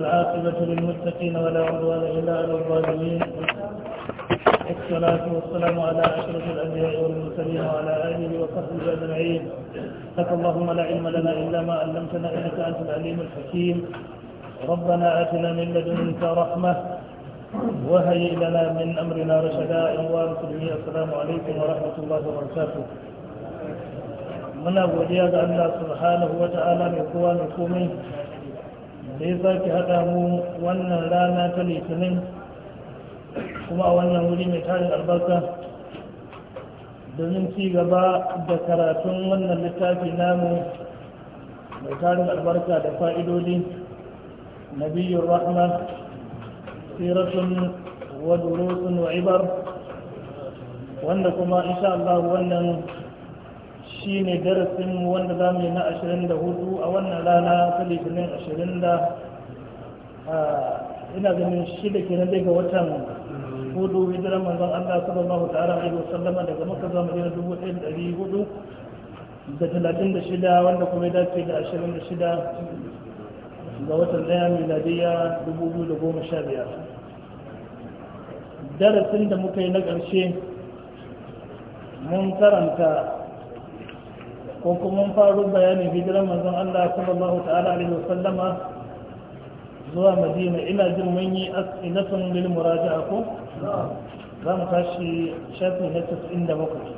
والعاقبة للمتقين ولا عدوان إلا على الظالمين والصلاة والسلام على أشرف الأنبياء والمرسلين وعلى آله وصحبه أجمعين لك اللهم لا علم لنا إلا ما علمتنا إنك أنت العليم الحكيم ربنا آتنا من لدنك رحمة وهيئ لنا من أمرنا رشدا أيها المسلمين السلام عليكم ورحمة الله وبركاته من أبو ga أن سبحانه وتعالى ta'ala mai da ya sake haɗa mu wannan rana ta litinin kuma a wannan wuri mai tarin albarka domin ci gaba da karatun wannan littafi namu mai tarin albarka da fa'idodi nabiyyun rahma siratun wa durusun wanda kuma insha Allah wannan shi ne darasin wanda za mu yi na 24 a wannan rana ta litinin 20 da ina ganin shida ke dai ga watan hudu hijiran manzon Allah sallallahu ta'ala alaihi sallama daga Makka zuwa Madina 1400 da 36 wanda kuma ya dace da 26 ga watan daya miladiya 2015 darasin da muka yi na ƙarshe mun karanta ko kuma faru bayanin hijirar manzon Allah sallallahu ta'ala alaihi wasallama zuwa madina ina jin mun yi asilatun lil muraja'a ko za mu tashi shafi na 97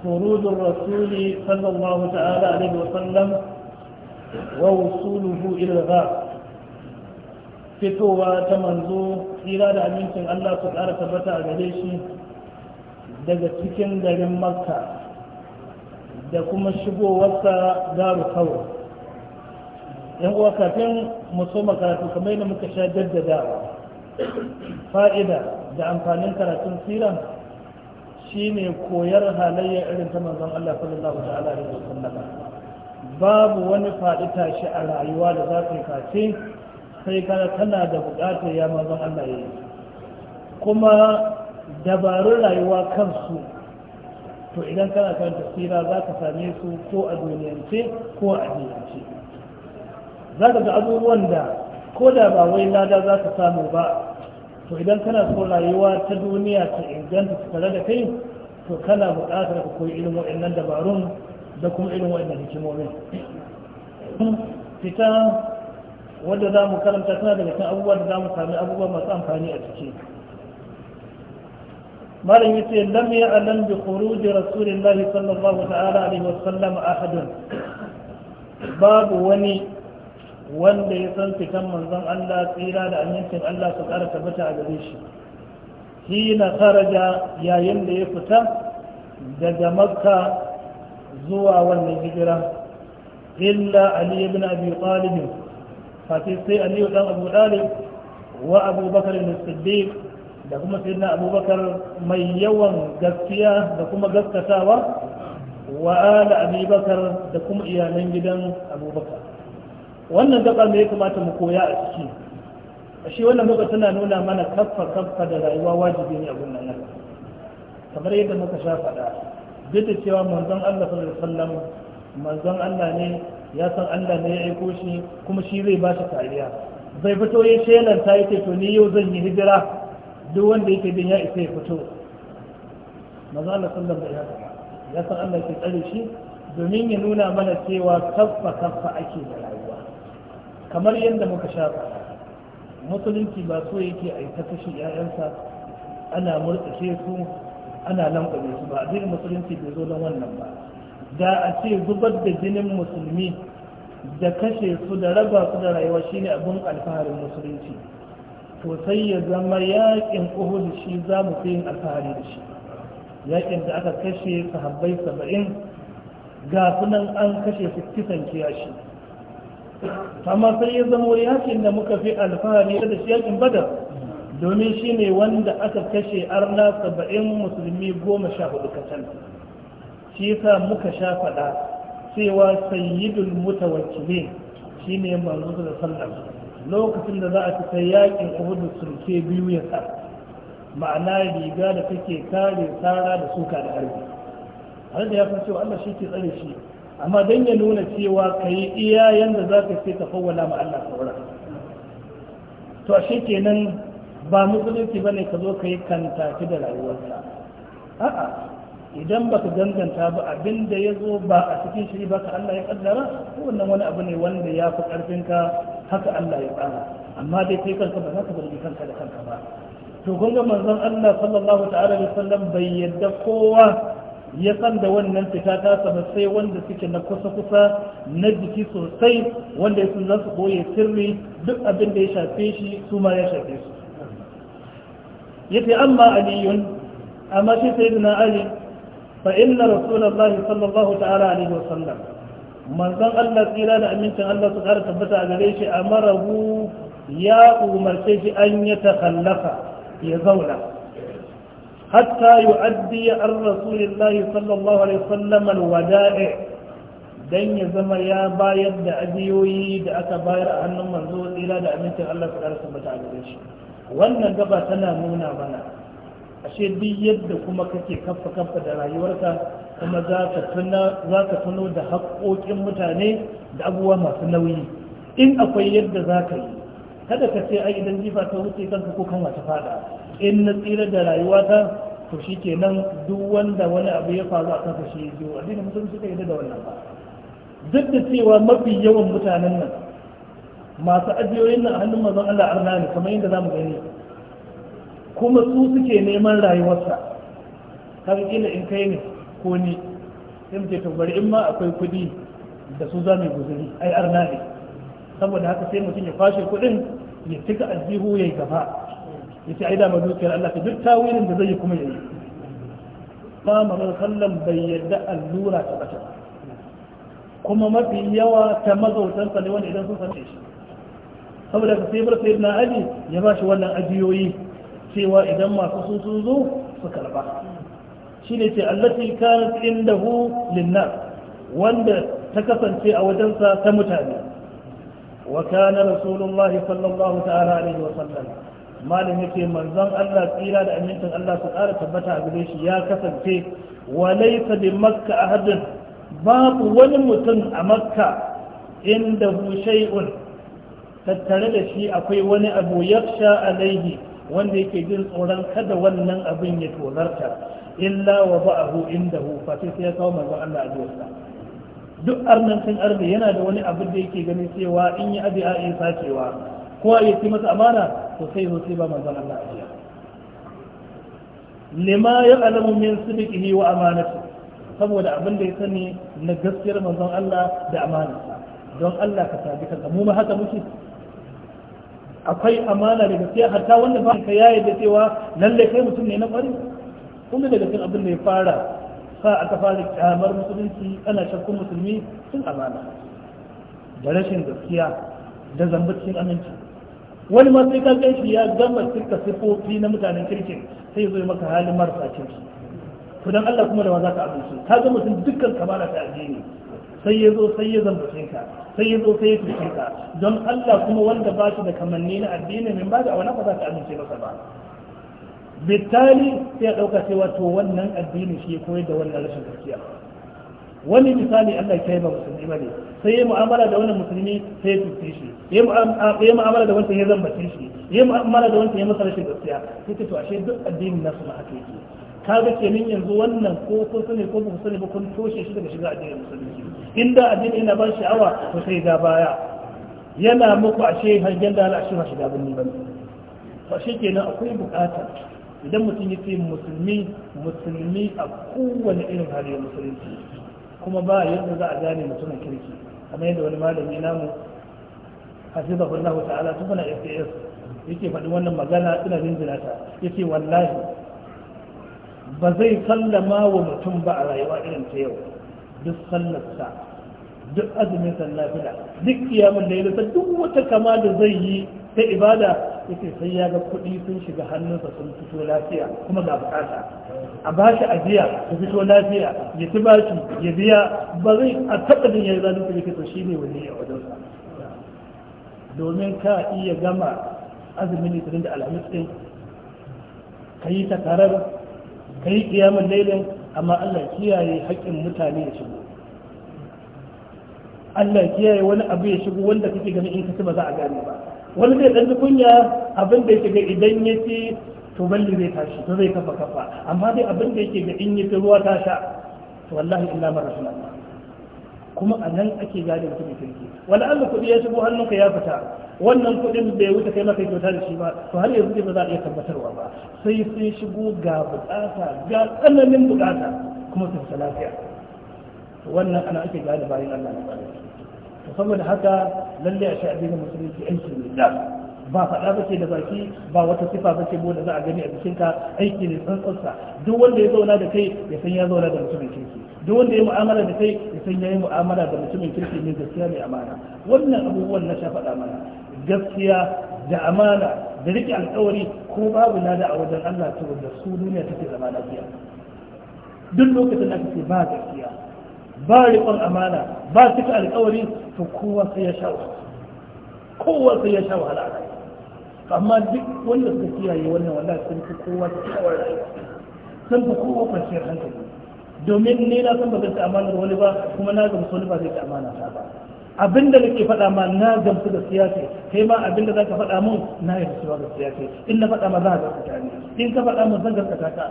خروج الرسول صلى الله تعالى عليه وسلم ووصوله إلى الغار fitowa ta manzo tsira da abincin Allah su ƙara tabbata a gare shi daga cikin garin makka da kuma shigowarsa garu kawo yan uwa kafin mu soma karatu kamar yadda muka sha jaddada fa'ida da amfanin karatun siran shine koyar halayya irin ta manzon Allah sallallahu alaihi wasallam babu wani faɗi tashi a rayuwa da za ka kace sai kana da buƙatar ya manzon Allah yi. kuma dabarun rayuwa kansu to idan kana kan tafsira za ka same su ko a duniyance ko a duniyance za ka ga abubuwan da ko da ba wai lada za ka samu ba to idan kana so rayuwa ta duniya ta inganta ta tare da kai to kana buƙatar ka koyi irin waɗannan dabarun da kuma irin waɗannan hikimomin fita wadda za mu karanta tana daga cikin abubuwa da za mu sami abubuwa masu amfani a ciki malam yace lam ya alam bi khuruj rasulillah sallallahu ta'ala alaihi sallam ahadun babu wani wanda ya san fitan manzon Allah tsira da amincin Allah su ƙara bata a gare shi hina karaja yayin da ya fita daga makka zuwa wannan hijira illa ali ibn abi talib fa sai ali ibn abu talib wa abu bakr as-siddiq da kuma sayyidina abubakar mai yawan gaskiya da kuma gaskatawa wa ala abubakar da kuma iyalan gidan abubakar wannan gaba mai ya kamata mu koya a ciki a shi wannan gaba tana nuna mana kafa kafa da rayuwa wajibi ne a nan kamar yadda muka sha faɗa duk da cewa manzon Allah sallallahu alaihi wasallam manzon Allah ne ya san Allah ne ya aiko shi kuma shi zai ba shi kariya bai fito ya shelanta yake to ni yau zan yi hijira duk wanda yake bin ya isa ya fito maza Allah sallam ya haka ya san Allah ke tsare shi domin ya nuna mana cewa kaffa kafa ake da rayuwa kamar yadda muka sha musulunci ba so yake a yi ta kashe 'ya'yansa ana murtsashe su ana lankwame su ba zai musulunci bai zo don wannan ba da a ce zubar da jinin musulmi da kashe su da raba su da rayuwa shine abin alfaharin musulunci to sai ya zama yakin uhud shi za mu fi yin alfahari da shi yakin da aka kashe sahabbai saba'in ga sunan an kashe su kisan kiyashi amma sai ya zama yakin da muka fi alfahari da shi yakin badar domin shi ne wanda aka kashe arna saba'in musulmi goma sha hudu kacal shi yasa muka sha faɗa cewa sayyidul mutawakkilin shine manzo da sallallahu lokacin da za a cika yakin uhudu surke biyu ya sa ma'ana riga da take kare tsara da suka da harbi har da ya san cewa Allah shi ke tsare shi amma dan ya nuna cewa kai iya yanda za ka ce ka fawwala ma Allah saura to shi kenan ba musulunci ba ne ka zo ka yi kantaki da rayuwarka a'a idan ba ka danganta ba abin da ya zo ba a cikin shiri ba ka Allah ya kaddara ko wannan wani abu ne wanda ya fi karfinka haka Allah ya tsara amma dai kai kanka ba za ka zargi kanka da kanka ba to gunga manzon Allah sallallahu ta'ala alaihi wasallam bai yadda kowa ya san da wannan fita ta sama sai wanda suke na kusa-kusa na jiki sosai wanda sun za su boye sirri duk abin da ya shafe shi su ma ya shafe su yace amma aliyun amma shi sayyidina ali fa inna rasulullahi sallallahu ta'ala alaihi wasallam manzon Allah tsira da amincin Allah su kara tabbata a gare shi a amarahu ya umarce shi an ya takallafa ya zauna hatta yu'addi an rasulillahi sallallahu alaihi wasallam alwada'i dan ya zama ya bayar da ajiyoyi da aka bayar a hannun manzo tsira da amincin Allah su kara tabbata a gare shi wannan gaba tana nuna mana ashe duk yadda kuma kake kafa kafa da rayuwarka kuma za ka tuno da haƙoƙin mutane da abubuwa masu nauyi in akwai yadda za ka yi kada ka ce ai idan jifa ta wuce kanka ko kan wata fada in na tsira da rayuwata to shi kenan duk wanda wani abu ya faru a kan shi ya a addinin mutum suka yadda da wannan ba duk da cewa mafi yawan mutanen nan masu ajiyoyin nan a hannun mazan Allah arna ne kamar yadda za mu gani kuma su suke neman rayuwarsa kaga kila in kai ne ko ni sai muke to bari in ma akwai kudi da su za mu guzuri ai arna ne saboda haka sai mutum ya kwashe kudin ya cika aljihu ya yi gaba ya ce ai da dukiyar Allah ta duk tawilin da zai yi kuma ya yi ba marar sallan bai yarda allura ta bata kuma mafi yawa ta mazautansa ne wanda idan sun san shi saboda ka sai bar sayyidina ali ya ba shi wannan ajiyoyi cewa idan masu su sun zo su karba shi ne ce allati kanat hu linnas wanda ta kasance a wajensa ta mutane wa kana rasulullahi sallallahu ta'ala alaihi wa sallam malam yake manzon Allah tsira da amincin Allah su ƙara tabbata a gare shi ya kasance wa laysa bi makka ahadun babu wani mutum a makka inda shay'un tattare da shi akwai wani abu yaksha alaihi wanda yake jin tsoron kada wannan abin ya tozarta illa wa ba'ahu indahu fa sai ya kawo manzon Allah ajiyarsa duk arnan kan arbe yana da wani abin da yake ganin cewa in yi abi a isa cewa, ko a yi masa amana to sai zo sai ba manzon Allah ajiya lima ya alamu min sidiqihi wa amanati saboda abin da ya sani na gaskiyar manzon Allah da amanarsa don Allah ka sabi kanka mu ma haka muke akwai amana da gaskiya hatta wanda ba ka yaye da cewa lalle kai mutum ne na kwari kuma daga cikin abin da ya fara sa aka fara kyamar musulunci ana shakkun musulmi sun amana da rashin gaskiya da zamba cikin aminci wani ma sai ka ganshi ya gama cika sifofi na mutanen kirkin sai zai maka halin marasa kirki to dan Allah kuma da wa zaka abinci ka ga mutum dukkan kamala ta addini sai ya zo sai ya zambace ka sai ya zo sai ya tushe ka don Allah kuma wanda ba shi da kamanni na addini min ba da wani ba za ka amince masa ba bittali sai ya ɗauka cewa to wannan addini shi ya koyar da wannan rashin gaskiya wani misali Allah ya kai ba musulmi ne sai ya mu'amala da wannan musulmi sai ya tushe shi ya mu'amala da wancan ya zambace shi ya mu'amala da wancan ya masa rashin gaskiya sai ta to ashe duk addinin nasu ma haka yake Ka ga kenan yanzu wannan ko ko sani ko ba sani ba kun toshe shi daga shiga addinin musulunci inda addini yana ba shi awa to sai ga baya yana muku ashe har da Allah shi ba shiga bani ba ba shi kenan akwai bukata idan mutum ya ce musulmi musulmi a kowane irin hali musulunci kuma ba yadda za a gane mutumin kirki kamar yadda wani malami namu hasiba Allah ta'ala tun bana FAS yake faɗi wannan magana ina jinjina ta yake wallahi ba zai sallama wa mutum ba a rayuwa irin ta yau duk sallarsa duk azumin sallafila duk kiyamun da ya duk wata kama da zai yi ta ibada yake sai ya ga kuɗi sun shiga hannunsa sun fito lafiya kuma ga bukata a ba shi ajiya ya fito lafiya ya ci bashi ya biya ba zai a taɓa ya yi zalunci da to shi ne wani a wajensa domin ka iya gama azumin litinin da alhamis ɗin ka yi takarar ka yi kiyamun lailin amma Allah kiyaye haƙƙin mutane ya shigo Allah kiyaye wani abu ya shigo wanda kake gani in ka ba za a gane ba wani zai ɗan kunya abin da ya shiga idan ya ce to balli zai tashi to zai kafa kafa amma dai abin da yake ga in ya yi ruwa ta sha to wallahi illa ma rahmatullah kuma a nan ake gane mutum kirki wala Allah ya shigo hannunka ya fita wannan kuɗin bai wuce kai maka kyauta da shi ba to har yanzu ba za a iya tabbatarwa ba sai sun shigo ga bukata ga tsananin bukata kuma su fita lafiya wannan ana ake gane bayan Allah na bari to saboda haka lalle a sha'abi da musulunci aiki ne da ba faɗa ba ke da baki ba wata sifa ba ke mu da za a gani a jikinka aiki ne tsantsansa duk wanda ya zauna da kai ya san ya zauna da mutumin kirki duk wanda ya mu'amala da kai ya san ya yi mu'amala da mutumin kirki ne gaskiya mai amana wannan abubuwan na sha faɗa mana gaskiya da amana da rike alƙawari ko babu lada a wajen Allah to da su duniya take zama lafiya duk lokacin da kake ba gaskiya ba riƙon amana ba cika alƙawari to kowa sai ya sha kowa sai ya sha wahala amma duk wanda suka kiyaye wannan wanda sun fi kowa kyawar rayuwa sun fi kowa kwanciyar hankali domin ne na san ba zai ta da wani ba kuma na gamsu wani ba zai ta amana ta ba abinda nake faɗa ma na gamsu da siyasa kai ma abinda zaka faɗa mun na yi gamsuwa da siyasa in na faɗa ma za ka gaskata ni in ka faɗa mun zan gaskata ka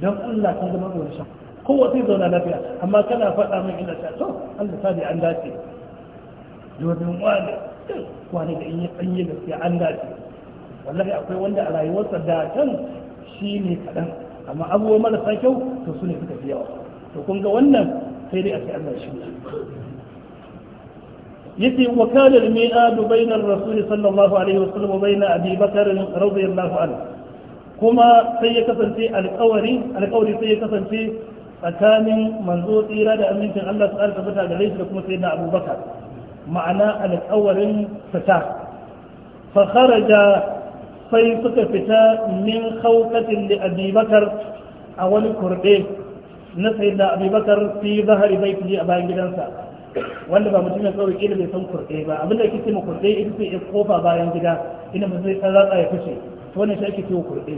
don Allah ka zama mai shan kowa sai zauna lafiya amma kana faɗa mun ina ta to Allah ta an dace domin wani wani da in yi da siya an dace wallahi akwai wanda a rayuwarsa da can shi ne kaɗan amma abubuwa marasa kyau to su ne suka fi yawa to kun ga wannan sai dai a ce Allah shi ne yace wa kana al-mi'ad bayna ar wa bayna abi bakr radiyallahu anhu kuma sai ya kasance alƙawari alƙawari sai ya kasance tsakanin manzo tsira da amincin Allah su arka fita gare shi kuma sayyidina Abubakar ma'ana alƙawarin fita fa kharaja sai suka fita min khawqatin li Abi a wani kurde na sayyidina Abubakar fi zahari baiti a bayan gidansa wanda ba mutum ya tsoro kila bai san kurɗe ba abin da ake cewa kurɗe kurɗe ita ce kofa bayan gida ina mutum sai ratsa ya fice to wannan shi ake cewa kurɗe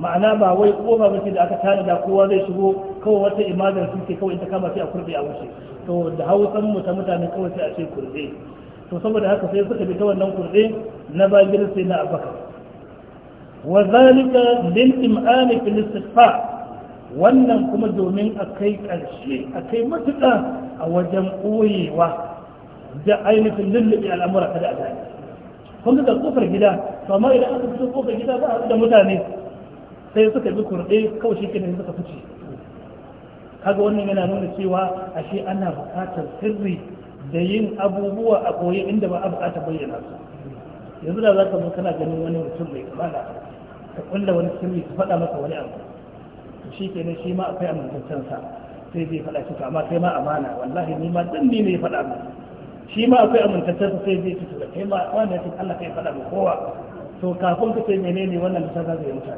ma'ana ba wai kofa ba ce da aka tana da kowa zai shigo kawai wata imadar sun ce kawai ta kama sai a kurɗe a wuce to da hausan mu ta mutane kawai sai a ce kurɗe to saboda haka sai suka bi ta wannan kurɗe na bagir sai na abaka wa zalika lil imani fil istighfar wannan kuma domin a kai ƙarshe a kai matuƙa a wajen ɓoyewa da ainihin lullube al'amura kada a zai kun da kofar gida amma idan aka fito kofar gida ba a da mutane sai suka bi kurɗe kawai shi kenan suka fice kaga wannan yana nuna cewa ashe ana buƙatar sirri da yin abubuwa a ɓoye inda ba a buƙatar bayyana su yanzu da za ka zo kana ganin wani mutum mai kamala ka kulla wani sirri ka faɗa masa wani abu shi ke shi ma akwai amintaccen sa sai zai faɗa cika amma kai ma amana wallahi ni ma dan ne ya faɗa mu shi ma akwai amintaccen sa sai zai da kai ma wannan cikin Allah kai faɗa mu kowa to kafin ka ce menene wannan ta za zai wuce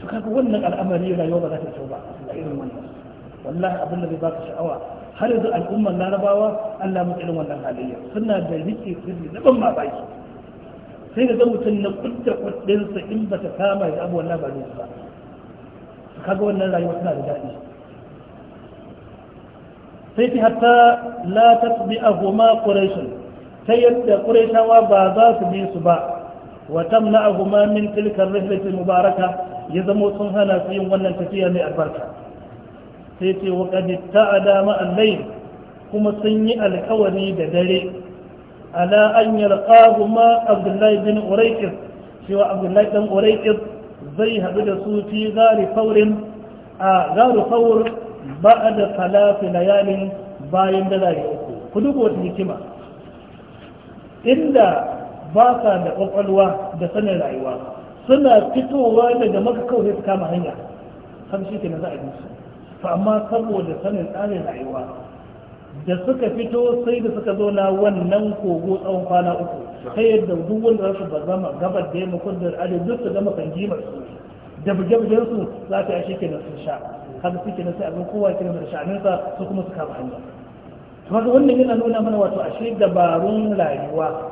to kaga wannan al'amari rayuwa ba za ta kyau ba a irin wannan wallahi abin da zai baka sha'awa har yanzu al'ummar larabawa Allah mu irin wannan halayya suna da rike sirri na ban mamaki sai da mutum na kudda kudinsa in ba ta kama da abu wannan ba zai ba kaga wannan rayuwa suna da daɗi sai ta hatta la tasbi ahuma quraish ta yadda quraishawa ba za su bi su ba wa tamna'ahuma min tilkar ar mubaraka ya zamo sun hana su yin wannan tafiya mai albarka sai ce wa ta adama allai kuma sun yi alkawari da dare ala an yalqahuma abdullahi bin urayqis cewa abdullahi dan urayqis zai haɗu da su fi gari faurin a gari faur ba da talafi yalin bayan da zari uku kudu ko wata hikima inda ba sa da ƙwaƙwalwa da sanin rayuwa suna fitowa daga maka kawai su kama hanya kan shi ke na za a yi su amma saboda sanin tsarin rayuwa da suka fito sai da suka zo na wannan kogo tsawon kwana uku sai yadda duk wanda su ba zama gabar da ya kudur ado duk su gama kan su da bujabujan su za ta ashe kenan sun sha haka su kenan sai abin kowa kenan da sha'aninsa su kuma su kama hanya haka wannan yana nuna mana wato ashe dabarun rayuwa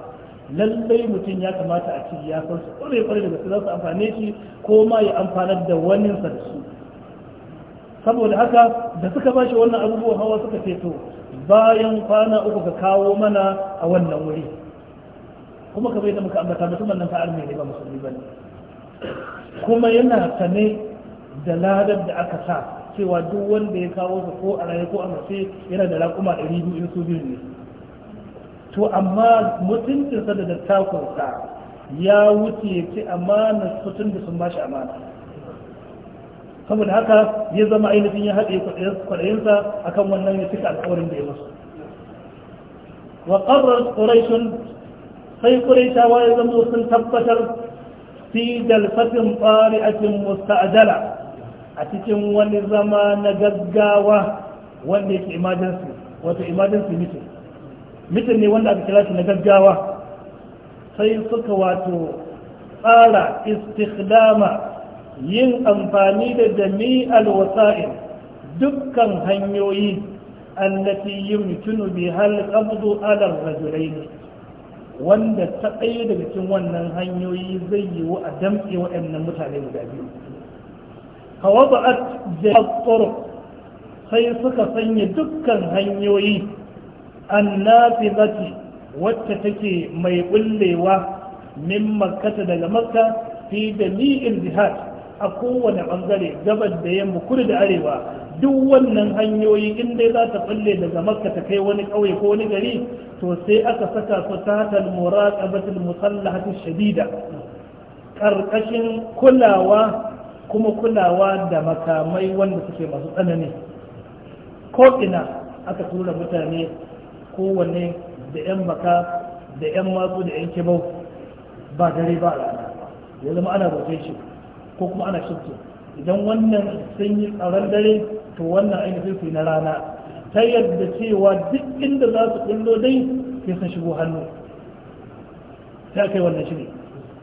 lallai mutum ya kamata a ciki ya san su kwarai kwarai daga su za su amfane shi ko ma ya amfanar da wani da su saboda haka da suka ba shi wannan abubuwan hawa suka ce to bayan kwana uku ka kawo mana a wannan wuri kuma ka bai da muka ambata mutum nan ta arme ne ba musulmi ba ne kuma yana sane da ladar da aka sa cewa duk wanda ya kawo su ko a raye ko a mace yana da raƙuma ɗari biyu in su biyu ne to amma mutuncinsa da dattakunsa ya wuce ya ce amana sutun da sun shi amana saboda haka ya zama ainihin ya haɗe kwaɗayinsa akan wannan ya cika alkawarin da ya masu wa ƙarar ƙuraishun sai ƙuraishawa ya zama sun tabbatar fi a cikin musta'ajala a cikin wani zama na gaggawa wanda yake emergency wato emergency meeting mitin ne wanda aka kira shi na gaggawa sai suka wato tsara istikdama yin amfani da jami'al wasa'il dukkan hanyoyi allati yumkinu har al-qabdu ala ar wanda ta ɗaya daga cikin wannan hanyoyi zai yi wa a damƙe waɗannan mutane guda biyu kawada'at jihar sai suka sanya dukkan hanyoyi annafizati wacce take mai bullewa min makkata daga makka fi jami'in jihad a kowane bangare gabar da yamma kudu da arewa duk wannan hanyoyi in dai za ta falle daga makka ta kai wani ƙauye ko wani gari to sai aka saka su ta hatal muraqabatul musallahatu shadida karkashin kulawa kuma kulawa da makamai wanda suke masu tsanani ko ina aka tura mutane kowanne da 'yan maka da 'yan matsu da 'yan kibau ba dare ba ya zama ana rote shi ko kuma ana shifto idan wannan sun yi tsaron dare to wannan ainihin sai na rana ta yadda cewa duk inda za su kullo dai sai sun shigo hannu ta kai wannan shi ne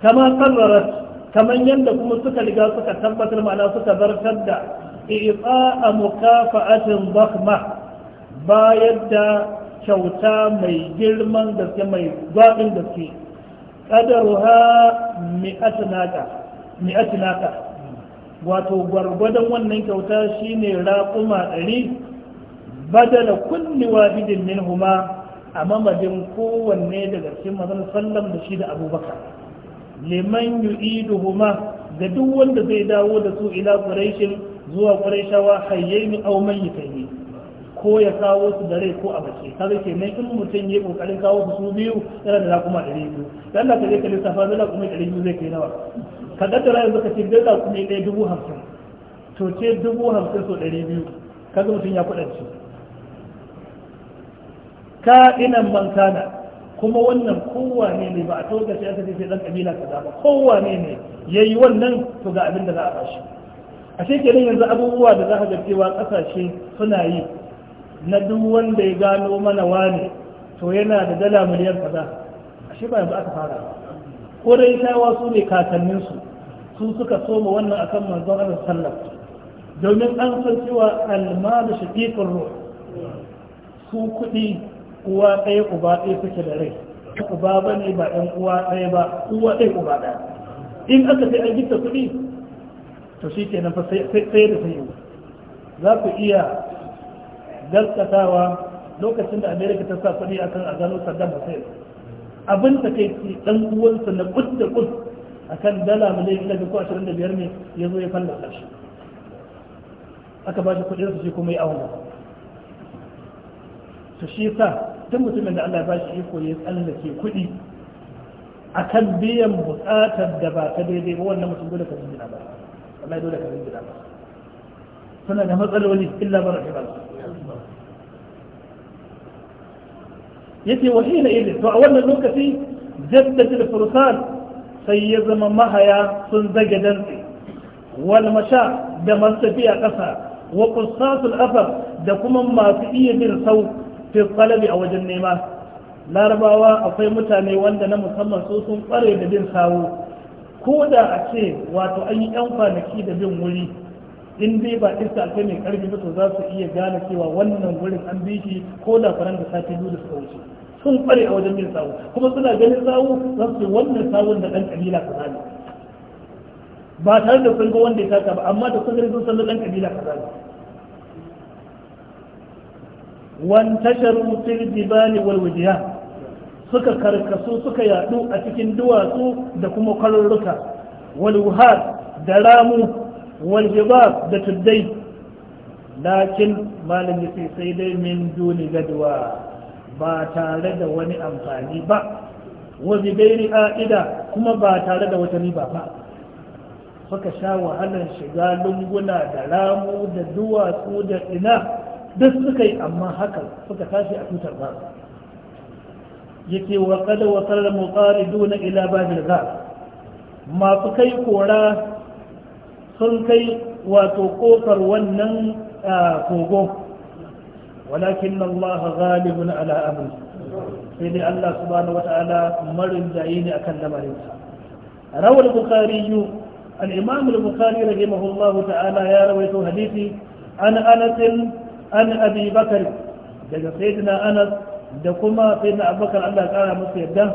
kama karrarat kamar yadda kuma suka riga suka tabbatar ma'ana suka zartar da a mukafa'atin bakma bayar da kyauta mai girman gaske mai gwaɗin gaske ha mi'at naka mi'ati naka wato gwargwadon wannan kyauta shine raƙuma ɗari badala kulli wahidin min huma a mamadin kowanne daga cikin mazan sallam da shi da abubakar liman yu'idu huma ga duk wanda zai dawo da su ila quraishin zuwa quraishawa hayyaini aw mayyitaini ko ya kawo su da rai ko a bace kaga kenan in mutum ya kokarin kawo su biyu yana da kuma 200 dan da ka ka lissafa zai kuma 200 zai kai nawa ka da yanzu ka ce dai za ne ɗaya dubu hamsin to ce dubu hamsin so ɗari biyu ka mutum ya kuɗance ka ina mankana kuma wannan kowane ne ba a toga shi aka ce dan kabila ka ba kowane ne yayi wannan to ga abin da za a bashi a shekarun yanzu abubuwa da za ka ga cewa kasashe suna yi na duk wanda ya gano mana wane to yana da dala miliyan kaza a shi ba yanzu aka fara ba ƙuraishawa su ne kakanninsu su suka soma wannan akan manzon Allah sallam domin an san cewa almalu shaqiqur ruh su kuɗi uwa ɗaya uba ɗaya suke da rai uba ba ba ɗan uwa ɗaya ba uwa ɗaya uba ɗaya in aka sai an gita kuɗi to shi kenan fa sai da sai za ku iya gaskatawa lokacin da america ta sa kuɗi akan a gano saddam hussein abin da kai ke dan uwansa na kus da kus akan dala miliyan ɗaya ko ashirin da biyar ne ya zo ya fallasa shi aka ba shi kuɗin su shi kuma ya auna su shi sa tun mutumin da Allah ba shi iko ya tsallake kuɗi akan biyan bukatar da ba ta daidai ba wannan mutum dole ka jingina ba wallahi dole ka jingina ba suna da matsaloli illa ba rahimar yace wa hina idin to a wannan lokaci jaddatul furqan sai ya zama mahaya sun zage dantse wal masha da masafiya ƙasa wa qussatul afar da kuma masu iya bin sau fi qalabi a wajen nema larabawa akwai mutane wanda na musamman su sun kware da bin sawo ko da a ce wato an yi yan kwanaki da bin wuri in dai ba iska alfai mai karfi ba to za su iya gane cewa wannan wurin an bi shi ko da faran da sati biyu da suka wuce sun kware a wajen bin sawu kuma suna ganin sawu za su wannan sawun da dan kabila kaza ne ba tare da sun ga wanda ya taka ba amma da sun gani sun san dan kabila kaza ne wan tasharu fil jibali wal wujyan suka karkasu suka yadu a cikin duwatsu da kuma kwarurruka wal wuhar da ramu waljibab da tuddai lakin malami yace sai dai min duni gadwa ba tare da wani amfani ba wa bi gairi kuma ba tare da wata riba ba suka sha wahalar shiga lunguna da ramu da duwatsu da ina duk suka yi amma haka suka tashi a tutar ba yake wa kada wa sarar mutsari duna ila ba masu kai kora sun kai wato kofar wannan kogo walakin Allah ghalibun ala amri sai dai Allah subhanahu wata'ala marin jayi ne akan lamarinsa rawal bukhari الإمام البخاري رحمه الله تعالى يا رويت حديثي عن أنس عن أبي بكر دقى سيدنا أنس دقما سيدنا أبو بكر الله تعالى مسيدا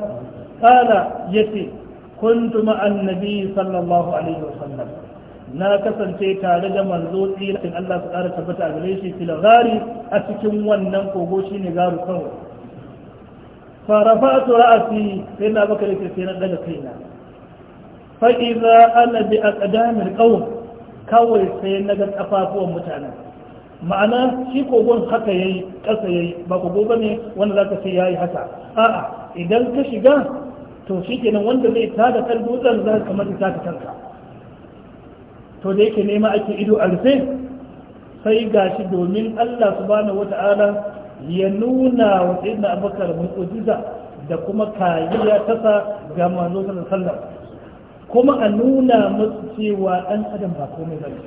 قال يتي كنت مع النبي صلى الله عليه وسلم na kasance tare da manzo tsirin Allah su ƙara tabbata a gare shi filagari a cikin wannan kogo shi ne garu kawai farafa ra'asi sai na baka da sai na daga kaina fa'iza ana bi a ƙadamin ƙawon kawai sai na ga ƙafafuwan mutane ma'ana shi kogon haka yayi ƙasa yayi ba kogo ba ne wanda za ka ce ya haka a'a idan ka shiga to shi kenan wanda zai tada kan dutsen za ka kamar ta kanka to da yake nema ake ido a rufe sai gashi domin Allah subhanahu wata'ala ya nuna wa sayyidina Abubakar mu'jiza da kuma kariya ta sa ga manzo sallallahu alaihi kuma a nuna masu cewa dan adam ba komai bane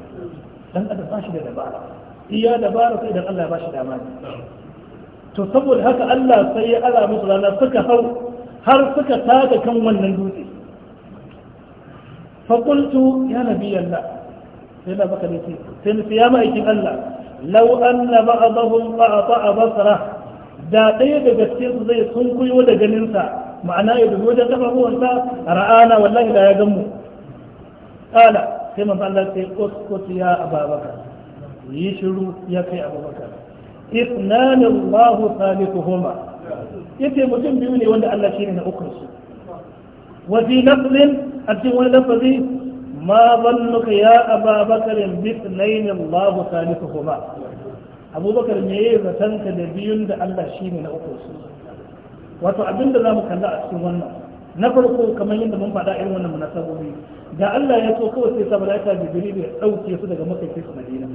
dan adam ba shi da dabara iya dabara sai idan Allah ba shi dama to saboda haka Allah sai ya ala musu rana suka hau har suka tada kan wannan dutse fakultu ya nabi Allah sai na baka ne sai na ya ma'aikin Allah lau an na ba'adahun ba'ata a basara da ɗaya da gaske su zai sunkuyo da ganinsa ma'ana ya dubi wajen kafafuwansa ra'ana wallahi da ya gan mu ƙala sai manzo Allah sai uskut ya ababakar yi shiru ya kai abubakar isnanin lahu homa? yace mutum biyu ne wanda Allah shi ne na ukun su wa fi a cikin wani lafazi ma zannuka ya aba bakarin bisnayin allahu salisuhuma abubakar me ya zatanka da biyun da allah shine na uku su abinda za mu kalla a cikin wannan na farko kamar yadda mun faɗa irin wannan munasabobi da Allah ya so kawai sai sa malaika jibril ya dauke su daga makka kai su madina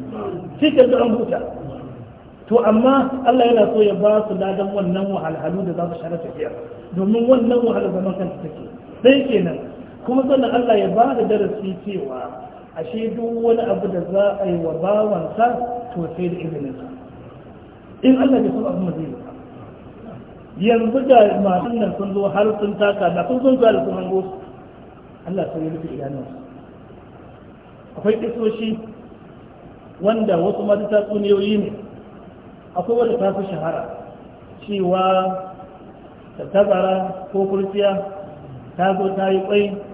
cikin da an to amma Allah yana so ya ba su ladan wannan wahalhalu da za su share tafiya domin wannan wahalar zaman kanta take sai kenan kuma sannan Allah ya ba da darasi cewa ashe duk wani abu da za a yi wa bawansa to sai da izinin in Allah ya san abu mai yanzu da masu nan sun zo har sun taka da sun zo da sun hango Allah sai ya rufe idanunsu akwai kisoshi wanda wasu mata tatsuniyoyi ne akwai wadda ta fi shahara cewa ta tazara ko kurciya ta zo ta yi kwai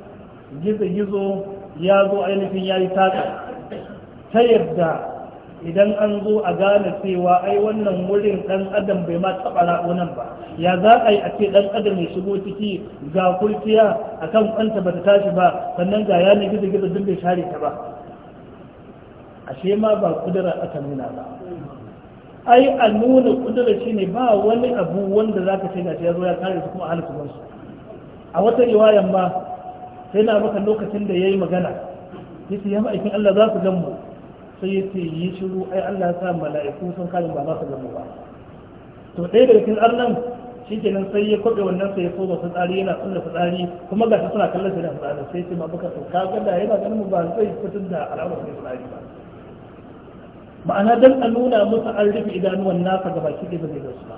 gizo-gizo ya zo ainihin ya yi taka ta yadda idan an zo a gane cewa ai wannan wurin ɗan adam bai ma taɓa nan ba ya za a yi a ce ɗan adam ya shigo ciki ga kurciya a kan kwanta ba ta tashi ba sannan ga ne gizo-gizo duk bai share ta ba ashe ma ba kudura aka nuna ba ai a nuna kudura shine ba wani abu wanda za ka ce gashi ya zo ya kare su kuma a halittu a wata riwayan ba. sai na maka lokacin da ya yi magana ya ce ya ma'aikin Allah za su gan mu sai ya ce yi shiru ai Allah sa mala'iku sun kalin ba za su gan mu ba to ɗaya daga cikin arnan shi ke nan sai ya kwaɓe wannan sai ya so masu tsari yana tsunna fitsari kuma ga su suna kallon sai da sai ce ma baka ka ga da yana ganin mu ba zai fitar da alamar sai tsari ba ma'ana dan a nuna musu an rufe idanuwan nasa ga baki ɗaya ba zai gasu ba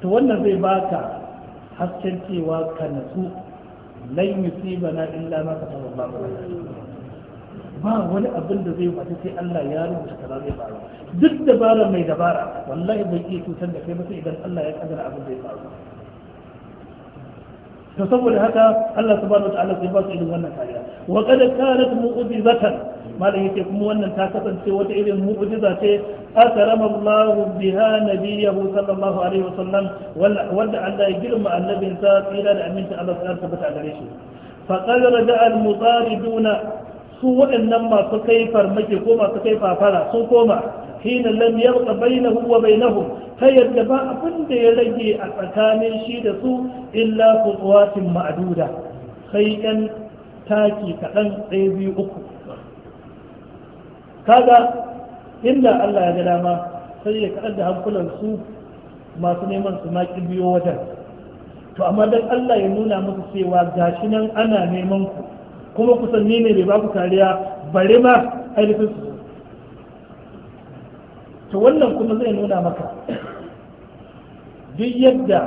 to wannan zai baka hasken cewa ka su. lai musibana illa ma ka tabar ba ba wani abin da zai fata sai Allah ya rubuta kaza zai faru duk dabara mai dabara wallahi bai iya cutar da kai ba sai idan Allah ya kaddara abin zai faru to saboda haka Allah subhanahu wa ta'ala sai ba su irin wannan kariya wa qad kanat mu'jizatan malam yake kuma wannan ta kasance wata irin mu'jiza ce akrama Allah biha nabiyahu sallallahu alaihi wasallam wanda Allah ya girma annabin sa tsira da aminta Allah ya tabbata gare shi fa qala raja al mutariduna su waɗannan masu kai farmaki ko masu kai fafara sun koma hina lam yabqa bainahu wa bainahum ta yadda ba abin da ya rage a tsakanin shi da su illa kuwatin ma'aduda sai taki kaɗan ɗaya biyu uku kaga inda Allah ya ga dama sai ya kaɗar da hankulan su masu neman su maki biyo wajen to amma dan Allah ya nuna musu cewa gashi nan ana neman ku kuma kusan ni ne bai ba ku kariya bare ma ainihin su to wannan kuma zai nuna maka duk yadda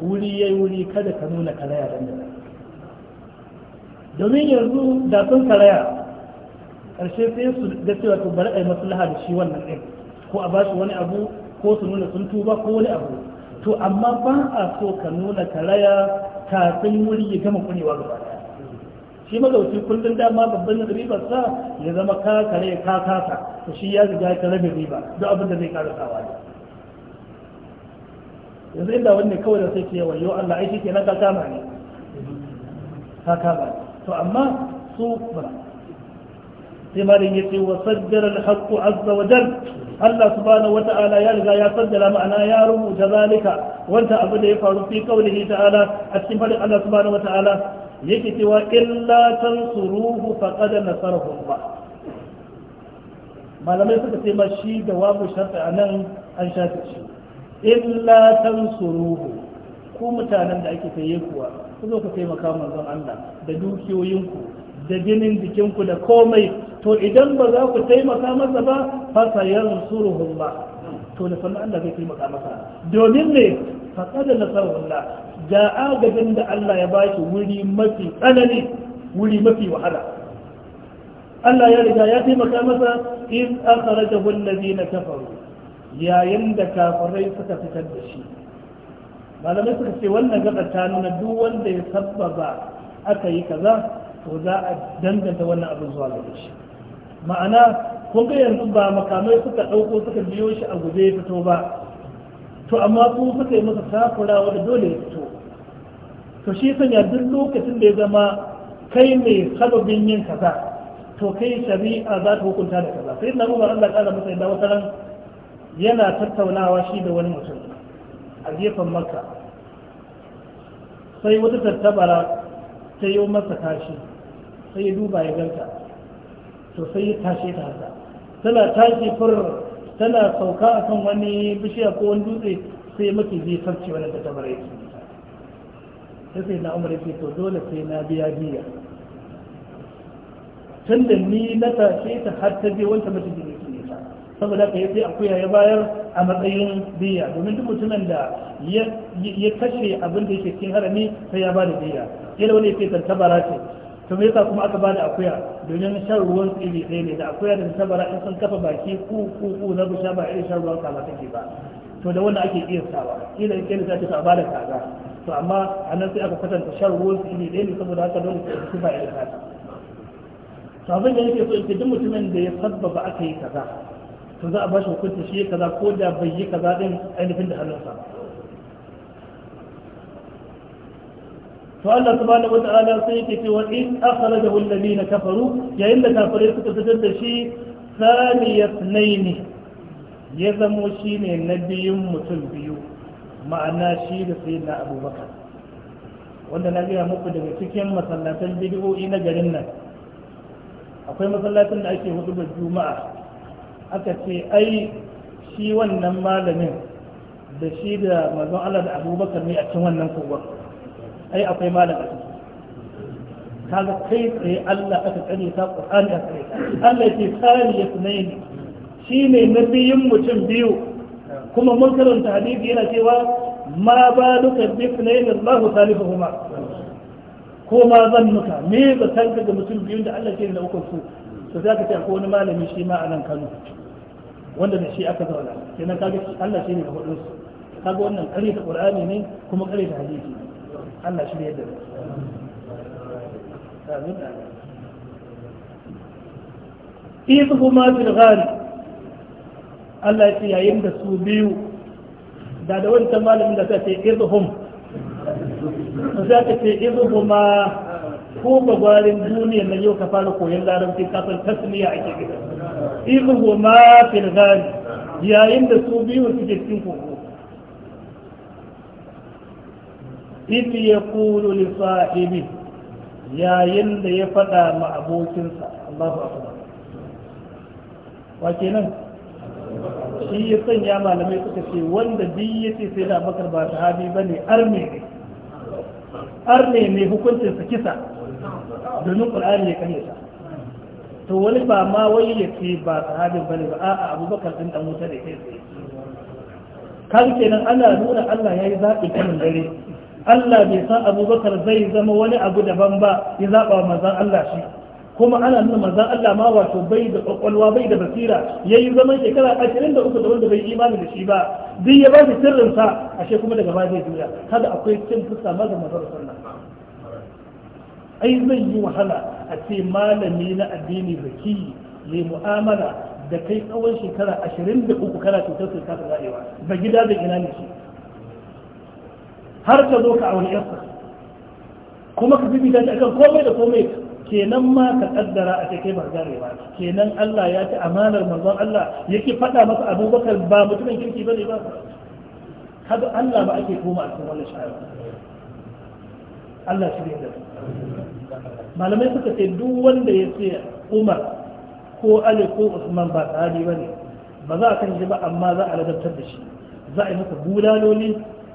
wuri ya yi wuri kada ka nuna karaya dan domin yanzu da sun karaya karshe sai su ga cewa to bari ai maslaha da shi wannan ɗin ko a ba shi wani abu ko su nuna sun tuba ko wani abu to amma ba a so ka nuna karaya kafin wuri ya gama kunewa gaba ɗaya shi mazauci kullum dama babban ribar sa ya zama ka kare ka kasa to shi ya riga ka rabe riba duk abin da zai ƙara sawa ne yanzu inda wani kawai da sai ce wayo Allah ai shi kenan ka kama ne ka kama to amma su ba sai malin yace wa saddara al-haqqu azza wa jal Allah subhanahu wa ta'ala ya riga ya saddara ma'ana ya rubuta zalika wanda abu da ya faru fi qawlihi ta'ala a cikin fadin Allah subhanahu wa ta'ala yake cewa illa tansuruhu faqad nasarahu Allah malamai suka ce ma shi da wabu sharta a nan an shafi shi illa tansuruhu ku mutanen da ake saye kuwa ku zo ku taimaka manzon Allah da dukiyoyinku da jinin jikinku da komai to idan ba za ku taimaka masa ba fa sayansuruhum ba to da sannan Allah zai taimaka masa domin ne fa kada nasarullah ga agajin da Allah ya baki wuri mafi tsanani wuri mafi wahala Allah ya riga ya taimaka masa in da akhrajahu alladhina kafaru yayin da kafirai suka fitar da shi malamai suka ce wannan gaba ta nuna duk wanda ya sabbaba aka yi kaza to za a danganta wannan abin zuwa da shi ma'ana kun ga yanzu ba makamai suka ɗauko suka biyo shi a guje ya fito ba to amma su suka yi masa takura wanda dole ya fito to shi sanya duk lokacin da ya zama kai mai sababin yin kaza to kai shari'a za ta hukunta da kaza sai na umar Allah ta masa yadda wata ran yana tattaunawa shi da wani mutum a gefen maka sai wata tattabara ta yi masa kashi sai ya duba ya ganta to sai ya tashe ta haka tana tashi fur tana sauka akan wani bishiya ko wani dutse sai mafi zai sarci wani da tabar yake sai sai na umar yake to dole sai na biya biya tun da ni na tashe ta har ta je wanta mace da yake nisa saboda ka sai akuya ya bayar a matsayin biya domin duk mutumin da ya kashe abin da yake cikin harami sai ya ba da biya yana wani ya yake tantabara ce to me yasa kuma aka ba akuya domin shan ruwan tsiri ɗaya ne da akuya da sabara in sun kafa baki ku ku ku na ku sha ba irin shan ruwan kaza take ba to da wanda ake iya sawa kila kila za ta ba da kaza to amma a nan sai aka kwatanta shan ruwan tsiri ɗaya ne saboda haka dole ku ba irin kaza to abin da yake so in duk mutumin da ya sabbaba aka yi kaza to za a ba shi hukunci shi kaza ko da bai yi kaza din ainihin da hannunsa ba to Allah subhanahu wata'ala sai yake cewa in akhrajahu alladhina kafaru yayin da kafirai suka fitar da shi saniyatnaini ya zamo shine na biyun mutum biyu ma'ana shi da na abubakar wanda na gaya muku daga cikin masallatan bidiyo'i na garin nan akwai masallacin da ake hudu da juma'a aka ce ai shi wannan malamin da shi da mazan Allah da abubakar ne a cikin wannan kowar. ai akwai malam a ciki kaga kai tsaye Allah aka tsare ta Qur'ani aka tsare Allah ke tsare ya sunaini shine nabiyin mutum biyu kuma mun karanta hadisi yana cewa ma baluka bi sunaini Allahu salihuhuma ko ma zannuka me ba san da mutum biyun da Allah ke da ukun su to za ka ce akwai wani malami shi ma a nan Kano wanda da shi aka zauna kenan kaga Allah shine ga hudun su kaga wannan kare ta Qur'ani ne kuma kare ta hadisi Allah shi ne da amin idh kuma fil Allah ya ce yayin da su biyu da da can malamin da ta ce idh hum za ka ce idh kuma ko bagwarin duniya na yau ka fara koyon larabci kafin tasmiya ake gida idh kuma fil ghari yayin da su biyu suke cikin kogo إذ يقول لصاحبه يا يند يفدى مع أبوكنسا الله أكبر وكنا shi ya sanya malamai suka ce wanda duk ya ce sai da bakar ba أرمي ba ne arne ne hukuncin kisa domin qur'ani ya to wani ba ma wani ya ce ba sahabin bane ba a'a abubakar din dan wuta da kai kan kenan ana nuna Allah ya yi zaɓi kan dare Allah bai san abubakar zai zama wani abu daban ba ya zaɓa mazan Allah shi kuma ana nuna mazan Allah ma wato bai da kwakwalwa bai da basira ya yi zaman shekara ashirin da uku da wanda bai imani da shi ba duk ya ba shi sirrinsa ashe kuma daga ba zai juya kada akwai cin fuska ma ga sallah ai zai yi wahala a ce malami na addini zaki ya mu'amala da kai tsawon shekara ashirin da uku kana cutar sai ka zaɓewa ba gida da ina ne shi har ka zo ka aure yarsa kuma ka bibi ta akan komai da komai kenan ma ka kaddara a kai ba gare ba kenan Allah ya ci amanar manzon Allah yake faɗa masa Abubakar ba mutumin kirki bane ba kaga Allah ba ake koma a cikin wannan shari'a Allah shi da malamai suka ce duk wanda ya ce Umar ko Ali ko Usman ba tsari bane ba za a kan ba amma za a ladabtar da shi za a yi masa bulaloli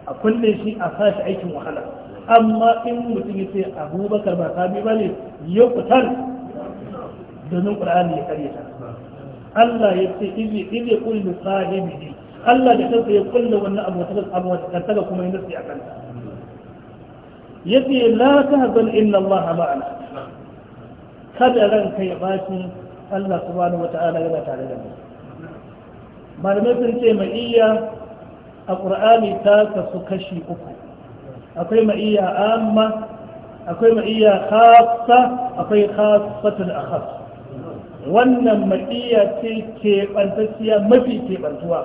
a kulle shi a sashi aikin wahala amma in mutum ya ce abubakar ba sabi ba ne ya fitar domin ƙur'ani ya karyata Allah ya ce izi izi kullu sahibi Allah da kansa ya kulle wannan abu wata abu wata kuma ya nasi akan yace la tahzan inna Allah ma'ana kada ranka ya bashi. Allah subhanahu wata'ala yana tare da mu malamai sun ce mai iya a ƙur'ani ta kasu kashi uku akwai ma'iyya amma akwai ma'iyya khassa akwai khassatul akhas wannan ma'iyya ce keɓantacciya mafi keɓantuwa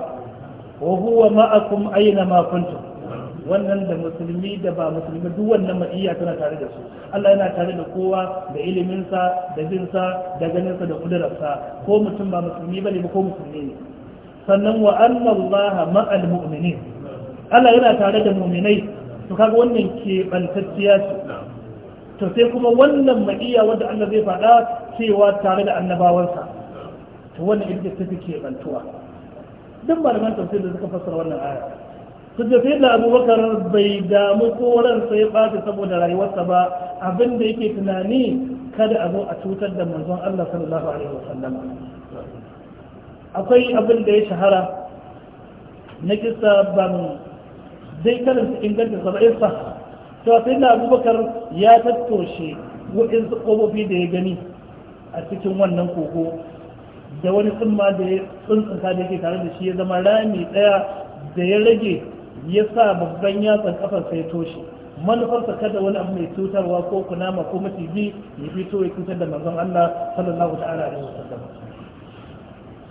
wa huwa ma'akum aina ma kuntum wannan da musulmi da ba musulmi duk wannan ma'iyya tana tare da su Allah yana tare da kowa da iliminsa da jinsa da ganinsa da kudurarsa ko mutum ba musulmi bane ba ko musulmi ne sannan wa annallaha ma'al mu'minin Allah yana tare da mu'minai to kaga wannan ke bantacciya ce to sai kuma wannan ma'iya wanda Allah zai faɗa cewa tare da annabawansa to wannan ita ce take bantuwa duk malaman tafsir da suka fassara wannan aya su da sai da abubakar bai damu ko sai ya ɓata saboda rayuwarsa ba abinda yake tunani kada a zo a cutar da manzon Allah sallallahu alaihi wasallam akwai abin da ya shahara na kisa ban zai karanta inganta saba'in sa to sai da abubakar ya tattoshe wa'in kobobi da ya gani a cikin wannan koko da wani tsumma da ya tsuntsunta da yake tare da shi ya zama rami daya da ya rage ya sa babban yatsan kafar sai toshe manufarsa kada wani abu mai cutarwa ko kunama ko maciji ya fito ya cutar da manzon Allah sallallahu ta'ala alaihi wasallam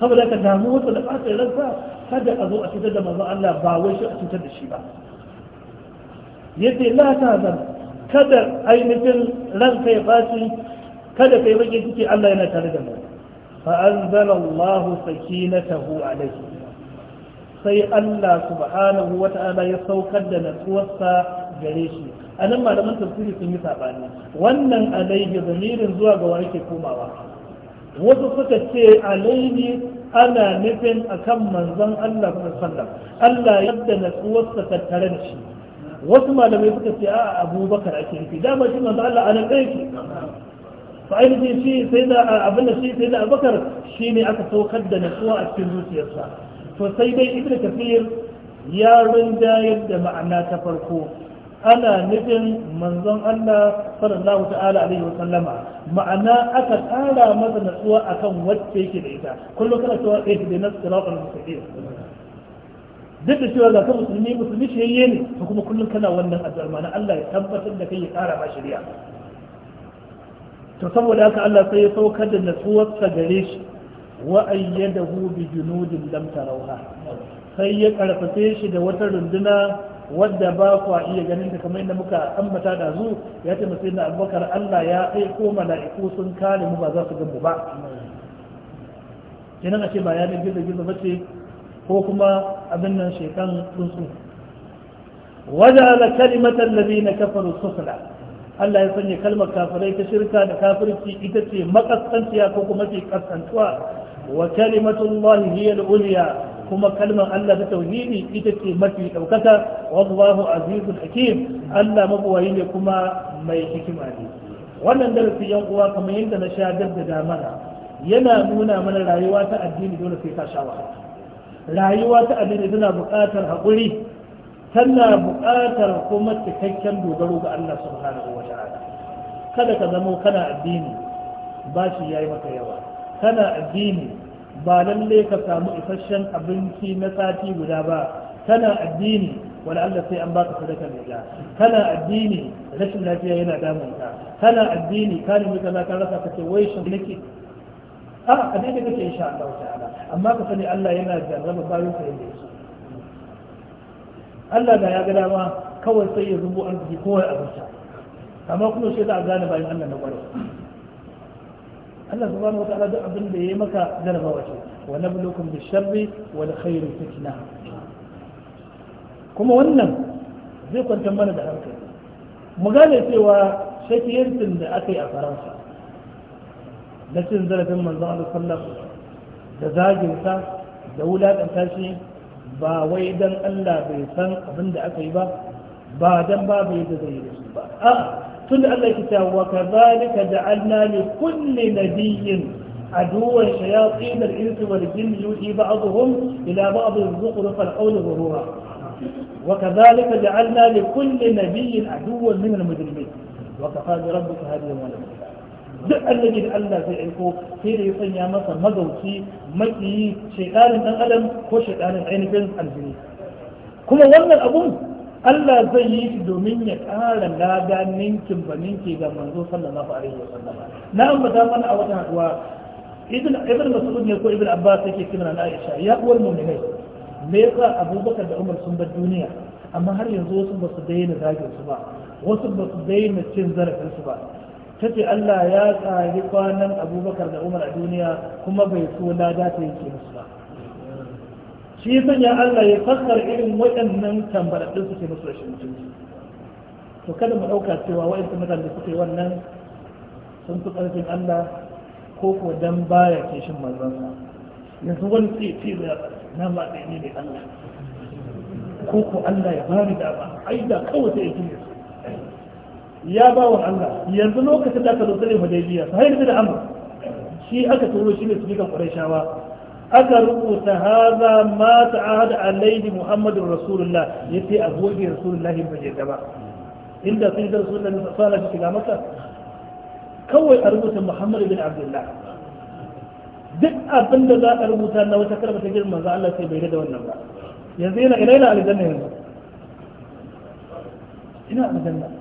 saboda ka damu wata da ɓacin ransa kada a zo a cutar da manzon Allah ba wai shi a cutar da shi ba Yadda ya ta zan kada ainihin ranka ya ɓaci kada kai baƙin ciki Allah yana tare da mu fa anzala Allah sakinatahu alayhi sai Allah subhanahu wata'ala ya saukar da natsuwarsa gare shi anan malaman tafsiri sun yi sabani wannan alayhi zamirin zuwa ga wani ke komawa wasu suka ce alaihi ana nufin a kan manzon Allah sallam Allah yadda natsuwarsa tattare da shi wasu malamai suka ce a abubakar ake nufi dama shi manzon Allah a nan ɗaya fa ainihin shi sai da abin da shi sai da abubakar shi ne aka saukar da natsuwa a cikin zuciyarsa to sai dai ibnu kafir ya rinjayar da ma'ana ta farko ana nufin manzon Allah sallallahu ta'ala alaihi wa sallama ma'ana aka tsara masa natsuwa akan wacce yake da ita kullum kana cewa eh da nas siratal mustaqim duk da cewa ga ka musulmi musulmi shiyayye ne to kuma kullum kana wannan addu'a ma'ana Allah ya tabbatar da kai ya tsara ma shari'a to saboda haka Allah sai ya saukar da natsuwarsa gare shi wa ayyadahu bi junudin lam tarawha sai ya karfafe shi da wata runduna wadda ba kuwa iya ganin ta kamar inda muka ambata da zu ya ce musu na abubakar allah ya aiko mala'iku sun kare mu ba za su gan mu ba kenan a ce ba yanar gizo gizo ba ce ko kuma abin nan shekan tsuntsu waja'ala kalimatal na kafaru sufla Allah ya sanya kalmar kafirai ta shirka da kafirci ita ce makasantiya ko kuma ce kasantuwa wa kalimatullahi hiya al-ulya kuma kalmar Allah ta tauhidi ita ce mafi ɗaukata, wallahu azizul hakim Allah mabuwayi ne kuma mai hikima ne wannan darasi yan uwa kamar yadda na sha da mana yana nuna mana rayuwa ta addini dole sai ta sha wahala rayuwa ta addini tana buƙatar haƙuri tana buƙatar kuma cikakken dogaro ga Allah subhanahu wa ta'ala kada ka zamo kana addini bashi yayi maka yawa kana addini ba lalle ka samu isasshen abinci na sati guda ba kana addini wani Allah sai an baka sadaka mai da kana addini rashin lafiya yana damun ka kana addini ka nemi kaza ka rasa kace wai shin nake a a da kake insha Allah ta'ala amma ka sani Allah yana jarraba bayan sa yake Allah da ya ga dama kawai sai ya zubo arziki kowai abinci amma kuma sai za a gane bayan Allah na kwarai Allah subhanahu wataala duk abin da yi maka jarabawa ce wa nablukum bisharri wal khairi fitna kuma wannan zai kwantar mana da hankali mu gane cewa shakiyancin da aka yi a faransa na cin zarafin manzon Allah da zaginsa da wulaƙanta shi ba wai dan Allah bai san abin da aka yi ba ba dan babu yadda zai yi da su ba tun da Allah ya cewa wa kazalika ja'alna li kulli nabiyyin عدوا شياطين الإنس والجن يوحي بعضهم إلى بعض الزخرف القول غرورا وكذلك da لكل نبي عدوا من المجرمين وكفى بربك هاديا ونبيا duk da Allah zai aiko sai da ya sanya masa magauci makiyi shekarin ɗan adam ko shekarin ainihin aljini kuma wannan abun Allah zai yi shi domin ya ƙara lada ninkin ba ninki ga manzo sallallahu alaihi wa sallam na ambata mana a wata haduwa ibn ibn mas'ud ne ko ibn abbas yake kira na aisha ya uwar mu'minai me yasa abubakar da umar sun bar duniya amma har yanzu wasu ba su daina zagin su ba wasu ba su daina cin zarafin su ba tace Allah ya tsari kwanan abubakar da umar a duniya kuma bai so lada ta yake musu ba shi sanya Allah ya fassar irin waɗannan tambaraɗin suke musu rashin mutunci to kada mu ɗauka cewa waɗansu mutane suke wannan sun fi ƙarfin Allah ko kuwa dan baya kishin manzansa yanzu wani tsaye ce da na ma ɗaya ne mai Allah ko ko Allah ya bani dama ai da kawai sai ya kire su ya ba wa Allah yanzu lokacin da aka zo sai hudaybiya sai da amma shi aka turo shi ne su kan shawa? aka rubuta haza ma ta ahada alaihi muhammadin rasulullah ya ce a goge rasulullah ba je gaba inda sai da rasulullah ne fara shi shiga masa kawai a rubuta Muhammadu bin abdullah duk abin da za a rubuta na wata karfa ta girma za Allah sai bai da wannan ba yanzu yana ina yana aljanna yanzu ina aljanna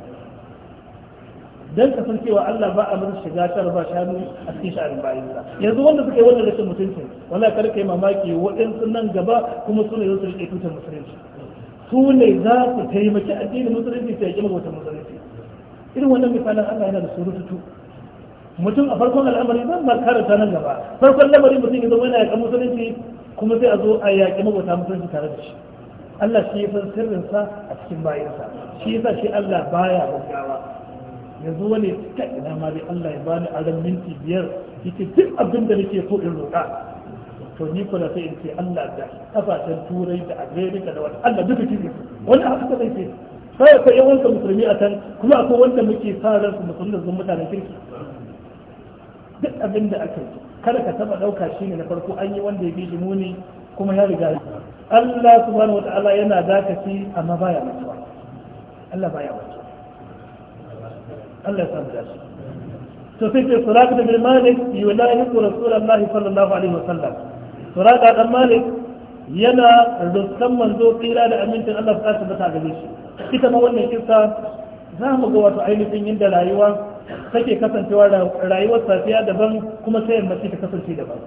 dan kasan cewa Allah ba a mana shiga tar ba shanu a cikin sha'anin sa. yanzu wanda suka yi wannan rashin mutunci wala kar kai mamaki waɗansu nan gaba kuma suna ne za su rike tutar musulunci su ne za su taimaki addinin musulunci ta yaƙi mabautan musulunci irin wannan misalin Allah yana da surutu mutum a farkon al'amari zan ba karanta nan gaba farkon lamarin mutum ya zama yana yaƙan musulunci kuma sai a zo a yaƙi mabauta musulunci tare da shi Allah shi ya san sirrinsa a cikin bayansa shi yasa shi Allah baya gaggawa yanzu wani ta ina ma dai Allah ya bani aran minti biyar yake duk abin da nake so in roƙa to ni kula sai in ce Allah da kafatan turai da Amerika da wani Allah duka kike wani haka ta zai ce sai akwai yan wanda musulmi a can kuma akwai wanda muke sa ran su musulmi da mutanen kirki duk abin da aka yi kada ka taba dauka shine na farko an yi wanda ya bi muni kuma ya riga Allah subhanahu wataala yana dakaci amma baya mutuwa Allah baya mutuwa Allah ya samu dace to sai ce suraka da bin malik yulahiqu rasulullahi sallallahu alaihi sallam suraka dan malik yana ruskan manzo kira da amincin Allah ta tabbata gare shi ita ma wannan kisa za mu ga wato ainihin yadda rayuwa take kasancewa rayuwar safiya daban kuma sai yammaci ta kasance daban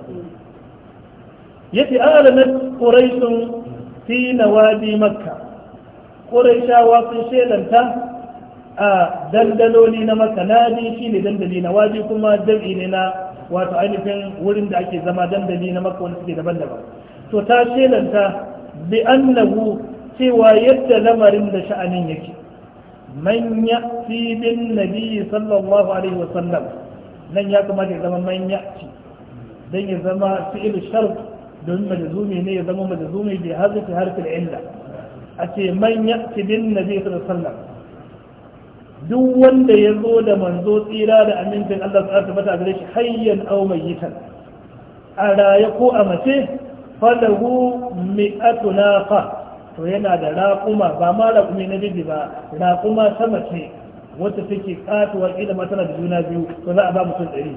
yace alanat quraishun fi nawadi makka quraishawa sun shelanta a dandaloli na makanadi shi ne dandali na waje kuma jam'i ne na wato ainihin wurin da ake zama dandali na maka wani suke daban-daban to ta shelanta bi annahu cewa yadda lamarin da sha'anin yake Manya fi bin nabi sallallahu alaihi wa sallam nan ya kamata ya zama manya ci. dan ya zama fi'il sharf don majazumi ne ya zama majazumi bi hazfi harfil illa a ce man ya'ti bin nabi sallallahu alaihi wa sallam duk wanda ya zo da manzo tsira da amincin Allah ta tabbata gare shi hayyan aw mayyitan a raye ko a mace falahu mi'atu naqa to yana da raquma ba ma raqumi na bibi ba raquma ta mace wacce take katuwa ila matana da juna biyu to za a ba mutum ɗari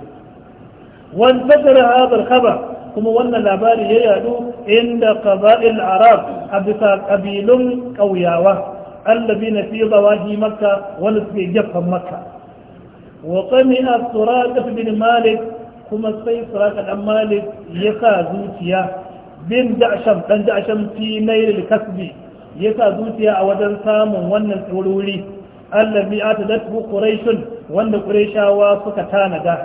wan tadra hadha khabar kuma wannan labari ya yadu inda qaba'il arab a bisa kabilun ƙauyawa allabi na fi zawahi makka wani suke jefan makka wa tsami a suraka bin malik kuma sai suraka dan malik ya sa zuciya bin da'asham dan da'asham fi nailil kasbi ya sa zuciya a wajen samun wannan tsoruri allabi a tadattu quraishun wanda quraishawa suka tanada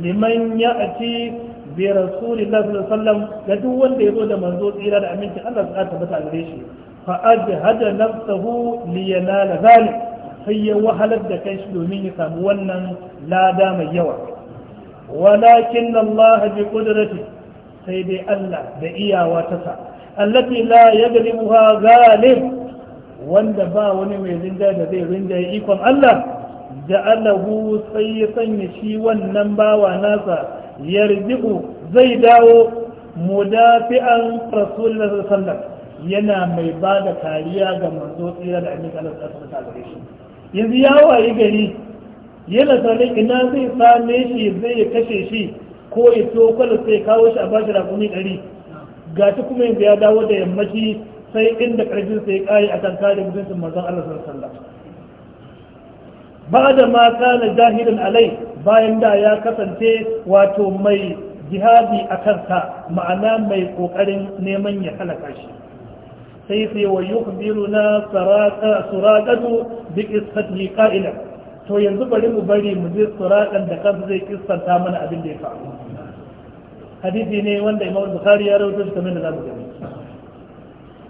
liman ya ati bi rasulillahi sallallahu alaihi wasallam ga duk wanda ya zo da manzo tsira da aminci Allah ya tabbata gare shi فأجهد نفسه لينال ذلك هي وهلت دكيش دومين سامونا لا دام يوى ولكن الله بقدرته سيدي الله بإيا وتسع التي لا يغلبها غالب wanda ba wani mai rinda da zai rinda ya ikon Allah ja'alahu sai ya sanya shi wannan bawa nasa yarji'u zai dawo mudafi'an rasulullahi sallallahu yana mai ba da kariya ga manzo tsira da annabi Allah sallallahu alaihi wasallam yanzu ya waye gari yana sane ina zai same shi zai ya kashe shi ko ya tokala sai kawo shi a bashi rakumi ɗari ga shi kuma yanzu ya dawo da yammaci sai inda ƙarfin sai ya ƙare a kan kare mutuncin manzon Allah sallallahu alaihi wasallam ba da ma kana jahilin alai bayan da ya kasance wato mai jihadi a kansa ma'ana mai ƙoƙarin neman ya halaka shi السيف ويخبرنا سرادة بكس فتح قائلا تو ينزب لهم بني مدير سرادة دقاب زي كس فتامنا أبن ديفا حديثي نيوان دا إمام البخاري يا رو تجد من الأرض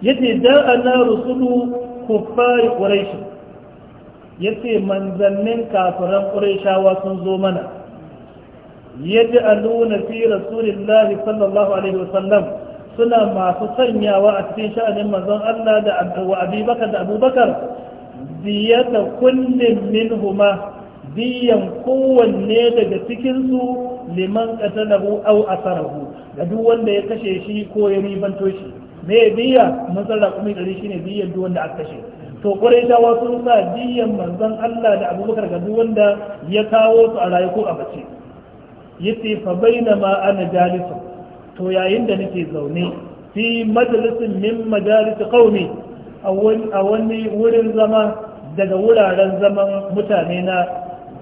يتي داءنا رسول كفار قريش يتي من ذنن كافران قريشا وسنزو منا يجعلون في رسول الله صلى الله عليه وسلم suna masu sanyawa a cikin sha'anin manzon Allah da abubakar da abubakar diyata kullum min huma biyan kowanne daga cikinsu liman qatalahu aw asarahu da duk wanda ya kashe shi ko ya ribanto shi me biya mun san raƙumi ɗari ne biyan duk wanda aka kashe to ƙurayshawa sun sa biyan manzon Allah da abubakar ga duk wanda ya kawo su a rayu ko a bace yace fa bainama ana jalisun to yayin da nake zaune fi majalisin min majalisi qaumi a wani wurin zama daga wuraren zaman mutane na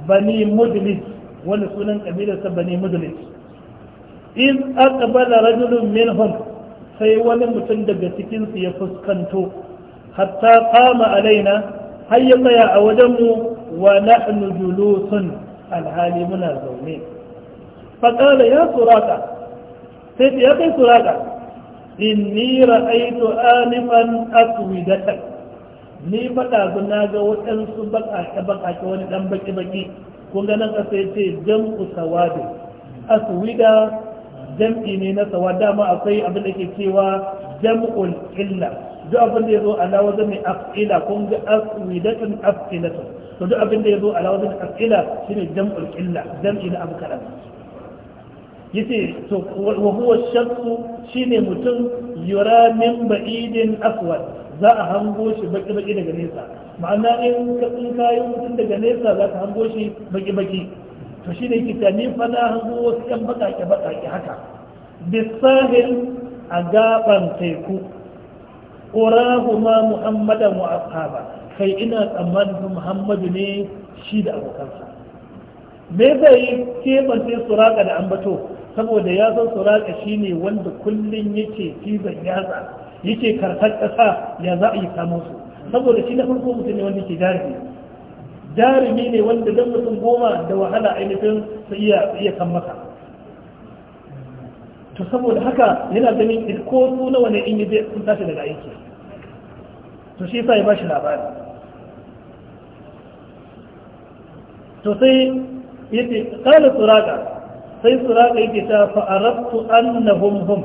bani mudlis wani sunan kabilarsa bani mudlis in aqbala rajulun minhum sai wani mutum daga cikin ya fuskanto hatta qama alaina har ya tsaya a wajen mu wa nahnu julusun alhali muna zaune faqala ya suraka sai ya kai suraka ni ra'aytu aliman aswidata ni fada zu na ga waɗansu baka ta wani ɗan baki baki kun ga nan sai ce jam'u sawadu aswida jam'i ne na sawada ma akwai abin da ke cewa jam'ul illa duk abin da ya zo ala wajen mai af'ila kun ga aswidatun af'ilatun to duk abin da ya zo ala wajen af'ila shine jam'ul illa jam'i na abu kaɗan yace to wa huwa shamsu shine mutum yura min ba'idin aswad za a hango shi baki baki daga nesa ma'ana in ka in yi mutum daga nesa za ka hango shi baki baki to shine yake ta ni fa na hango wasu yan baka ke haka bisahil a gaban teku urahuma muhammadan wa ashaba kai ina tsammanin muhammadu ne shi da abokansa me zai yi kebance suraka da ambato saboda ya san suraka ne wanda kullum yake cizon yatsa yake karfar ƙasa ya za a yi samu su saboda shi na farko mutum ne wanda ke jarumi jarumi ne wanda don mutum goma da wahala ainihin su iya iya kan maka to saboda haka yana ganin ko su wani in yi zai sun tashi daga aiki to shi sa ya ba shi labari to sai yace qala suraka sai su raka yake ta fa'arattu annahum hum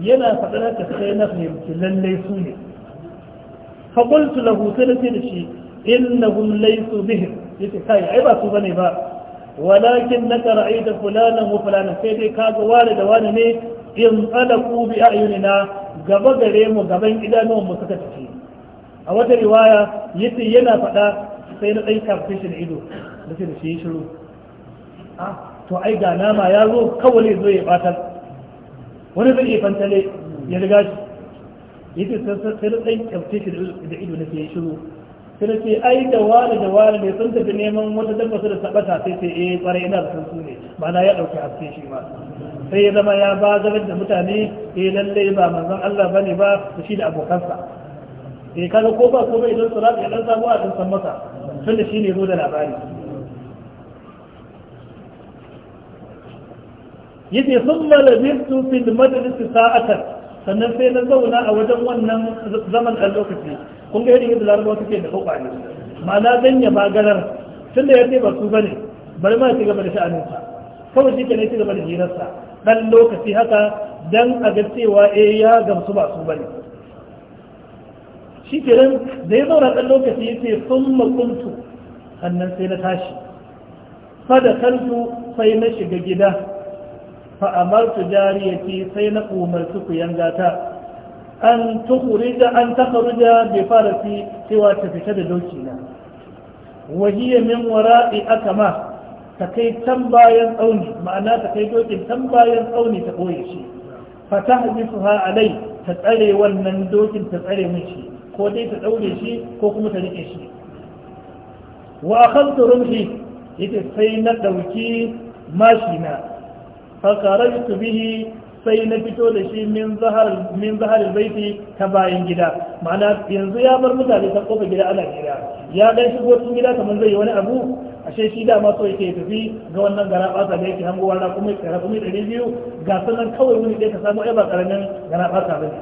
yana faɗa ka sai na fahimci lallai su ne fa qultu lahu sai nace da shi innahum laysu bihim yace kai ai ba su bane ba walakin naka ra'aita fulana wa fulana, sai dai kaga wani da wani ne in alaku bi a'yunina gaba gare mu gaban idanuwan mu suka tafi a wata riwaya yace yana faɗa sai na ɗan kafin shi ido da shi shiru ah, to ai ga nama ya zo kawai zo ya fatar wani zai iya fantale ya riga shi yake sai na tsayin kyauce shi da ido na sai shiru sai na ce ai da wani da wani ne sun tafi neman wata dabba su da sabata sai sai eh kwarai ina da su ne na ya dauki haske shi ba. sai ya zama ya ba zarar da mutane eh lalle ba manzon Allah bane ba shi da abokansa eh kaga ko ba ko bai don su ya dan samu a dan san masa tunda shine zo da labari yace thumma labistu fil majlis sa'atan sannan sai na zauna a wajen wannan zaman ɗan lokaci kun ga yadda wata suke da hukwa ne ma'ana ganye maganar tunda ya ce ba su bane bari ma ya ci gaba da sha'aninsa kawai shi ke ne ci gaba da hirarsa ɗan lokaci haka dan a ga cewa eh ya gamsu ba su bane shi kenan da ya zauna ɗan lokaci ya ce sun makuntu sannan sai na tashi fada kantu sai na shiga gida fa'amartu jariyati sai na umarci ku ta. an da an takhruja bi farasi cewa ta fita da doki na wahiya min wara'i akama ta kai can bayan tsauni ma'ana ta kai dokin can bayan tsauni ta koye shi fa tahbisuha alai ta tsare wannan dokin ta tsare mishi ko dai ta daure shi ko kuma ta rike shi wa akhadtu rumhi yace sai na dauki mashina fakararsu bihi sai na fito da shi min zahar zaharar baiti ta bayan gida ma'ana yanzu ya bar mutane ta kofa gida ana gida ya dan shigo cikin gida kamar zai yi wani abu ashe shi dama so yake tafi ga wannan gara ɓata da yake hango wala kuma ya karafa mai ɗari biyu ga sanan kawai wani ɗaya ka samu ai ba ƙaramin gara ɓata ba ne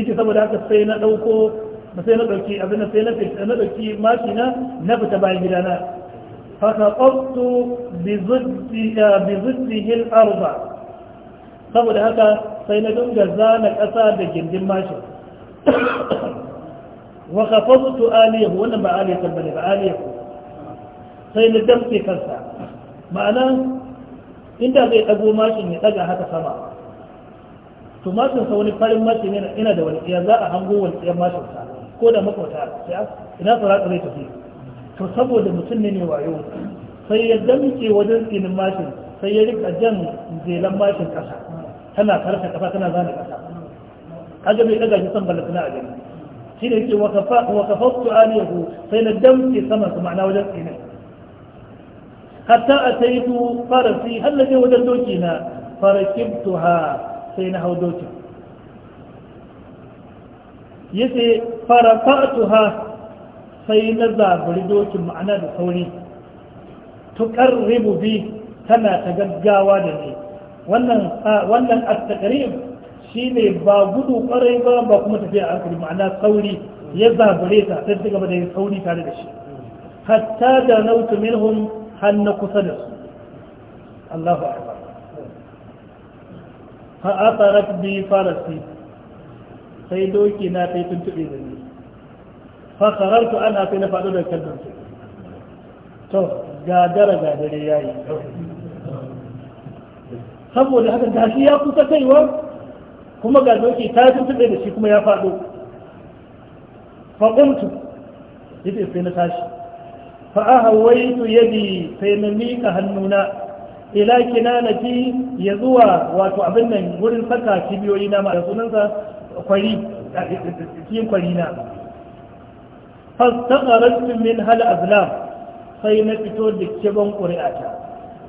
yake saboda haka sai na ɗauko sai na ɗauki abin sai na ɗauki mashina na fita bayan gidana فسقطت بضده الأرض saboda haka sai na dunga zana ƙasa da gindin mashi wa kafazutu aliyahu wannan ba aliyahu bane ba aliyahu sai na damke kansa ma'ana inda zai ɗago mashin ya ɗaga haka sama to mashin sa wani farin mashin yana da wani za a hango zai tafi to saboda mutum ne mai wayo sai ya damke wajen tsinin mashin sai ya rika jan zelan mashin kasa tana karka kasa tana zane kasa kaga bai daga shi san balatana a gani shi ne yake wakafattu aliyahu sai na damke saman su ma'ana wajen tsinin hatta a yi su farasi har na wajen doki na farakibtu ha sai na hau doki yace farafa'tu ha sai na zaburi dokin ma'ana da sauri tukar ribubi tana ta gaggawa da ni wannan at-taqrib shine ba gudu kwarai ba ba kuma tafiya a hankali ma'ana sauri ya zabure ta sai ta gaba da yin sauri tare da shi hatta da nautu minhum hannu kusa da su Allahu akbar fa asarat bi farasi sai doki na ta yi tuntube da ni fasarartu ana sai na faɗo da su. to gadara gadare ya yi saboda haka gashi ya kusa kaiwa kuma ga doki ta tuntube da shi kuma ya faɗo faƙuntu yadda sai na tashi su yadi sai na miƙa hannuna ila na fi ya zuwa wato abin nan wurin saka kibiyoyi na ma'a da sunansa kwari cikin kwari na fastaqaratu min hal azlam sai na fito da kiban ƙuri'ata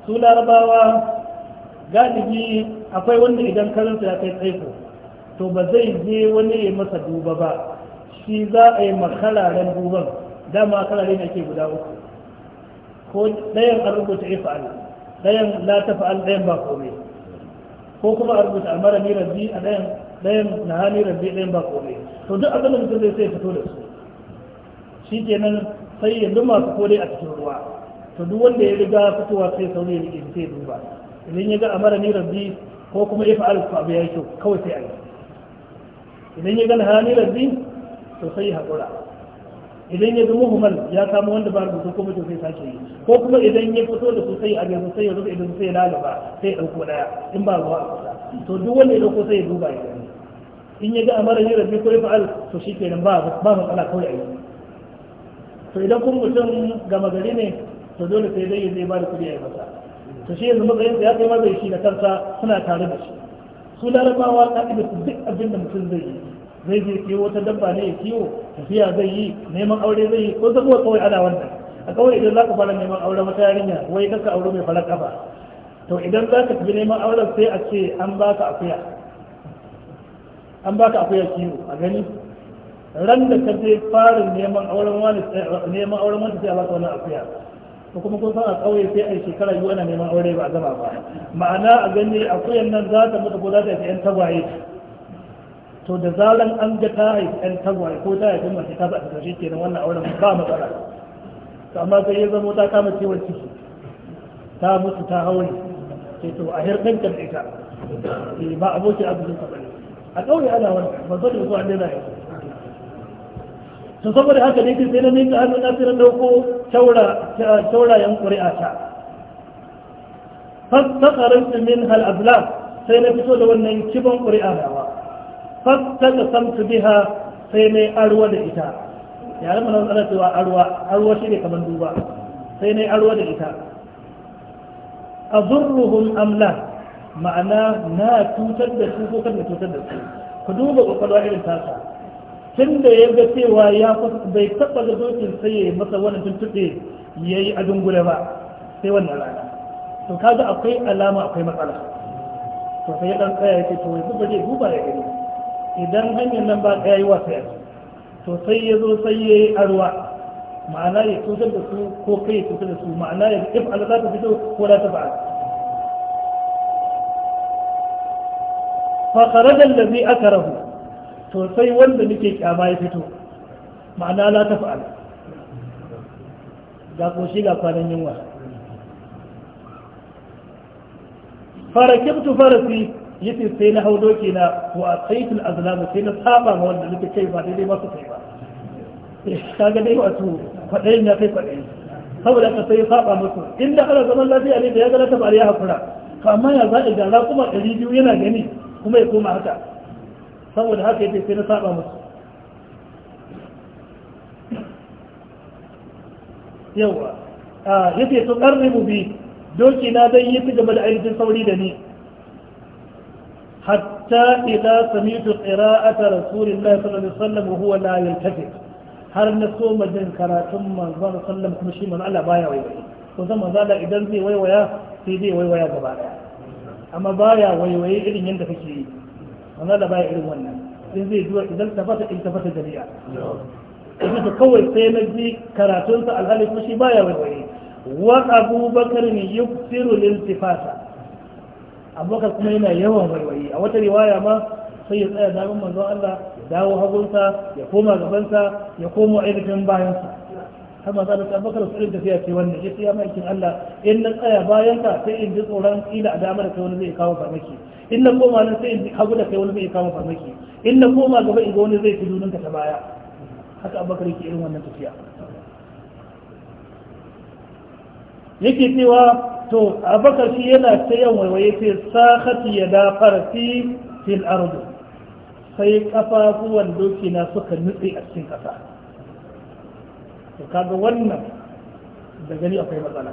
su larabawa galibi akwai wanda idan karansa ya kai tsaiko to ba zai je wani ya masa duba ba shi za a yi makararen duban dama karare ne ke guda uku ko ɗayan an rubuta ya fa'al ɗayan la ta fa'al ɗayan ba komai ko kuma a rubuta amara ni rabbi a ɗayan na hani rabbi ɗayan ba komai to duk abin da mutum zai sai fito da su shi kenan sai ya zuma su kore a cikin ruwa to duk wanda ya riga fitowa sai sauri ya rike sai duba idan ya ga amara ni rabbi ko kuma ya fa'al abu ya yi kyau kawai sai a yi idan ya ga na ni rabbi to sai ya haƙura idan ya ga humal ya samu wanda ba rubutu kuma to sai sake yi ko kuma idan ya fito da su sai a gaba sai ya rufe idan sai ya lalaba sai ya ɗauko ɗaya in ba ruwa a kusa to duk wanda ya ɗauko sai ya duba ya gani in ya ga amara ni rabbi ko ya fa'al to shi kenan ba matsala kawai a yi to idan kun mutum gama gari ne to dole sai zai zai ba da kuɗi a masa to shi yanzu matsayin ya kai mazai shi da kansa suna tare da shi su larabawa ta ibi su duk abin da mutum zai yi zai je kiwo wata dabba ne ya kiwo tafiya zai yi neman aure zai yi ko kuwa kawai ana wannan a kawai idan za ka fara neman aure wata yarinya wai kanka aure mai farar kafa to idan za ka tafi neman auren sai a ce an baka akuya an baka akuya kiwo a gani ran da ka sai farin neman auren wani neman auren wani sai Allah wannan afiya ko kuma kun san a kauye sai a shekara biyu ana neman aure ba a gama ba ma'ana a gani akuyan nan za ta mutu ko za ta yi yan tagwaye to da zaran an ga ta haifi yan tagwaye ko ta haifi mace ta faɗa shi kenan wannan auren ba matsala to amma sai ya zama ta kama ciwon ciki ta mutu ta haure sai to a hirɗin kan ita eh, ba abokin a da ta a kauye ana wannan ba zai zuwa ne na yau to saboda haka ne ke sai na minka hannu na tsira na dauko taurayen ƙuri'a ta fastakararsu min hal'abla sai na fito da wannan kibon ƙuri'a nawa fastaka samtu biha sai na arwa da ita yare mana tsara cewa arwa arwa shi ne kamar duba sai na arwa da ita a zurruhun amla ma'ana na cutar da su ko kan da cutar da su ku duba ƙwaƙwalwa irin tasa tun da ya ga cewa ya bai taɓa ga dokin sai ya masa wani tuntuɓe ya yi a dungule ba sai wannan rana to kaga akwai alama akwai matsala to sai ya ɗan tsaya ya ce to yanzu ba zai duba ya gani idan hanyar nan ba ɗaya yi wasa yanzu to sai ya zo sai ya yi arwa ma'ana ya tutar da su ko kai ya tutar da su ma'ana ya ƙif ala za ta fito ko za ta ba fa kharaja allazi akarahu to sai wanda muke kyama ya fito ma'ana la ta fa'ala ga koshi ga kwanan yunwa farakibtu farasi yace sai na hau doki na wa ataitul azlam sai na saba ma wanda nake kai ba daidai ba su kai ba kaga dai wato kwadayin ya kai kwadayin saboda ka sai saba musu inda ana zaman lafiya ne da ya ga na tabar ya hakura to amma ya za'i ga kuma 200 yana gani kuma ya koma haka saboda haka yake sai na saba musu yawa a ah, yace to mu bi doki na dan yi ci gaba da ainihin sauri da ni hatta ila samitu qira'ata rasulillahi sallallahu alaihi wasallam wa huwa la yaltafi har na so majin karatun manzon sallam kuma shi manzo Allah baya waiwaye to zan manzo Allah idan zai waiwaya sai zai waiwaya gaba daya amma baya waiwaye irin yadda kake yi manzo da baya irin wannan in zai zuwa idan tafata in tafata jami'a yanzu kawai sai na ji karatunsa alhali kuma shi baya wani. wa abu bakar ne yuksiru lintifasa kuma yana yawan waiwaye a wata riwaya ma sai ya tsaya damin manzon Allah ya dawo hagunsa ya koma gabansa ya koma ainihin bayansa har manzon Allah abubakar su irin tafiya ce wannan ya tsaya maikin Allah in na tsaya bayanka sai in ji tsoron ila a damar kai wani zai kawo farmaki in na koma nan sai in hagu da kai wani zai kama farmaki in na koma gaba in ga wani zai fi ninka ta baya haka abubakar yake irin wannan tafiya yake cewa to abubakar shi yana ta yan waiwaye sai sahati ya da farasi fil ardu sai kafafuwan doki na suka nutse a cikin kasa to kaga wannan da gani akwai matsala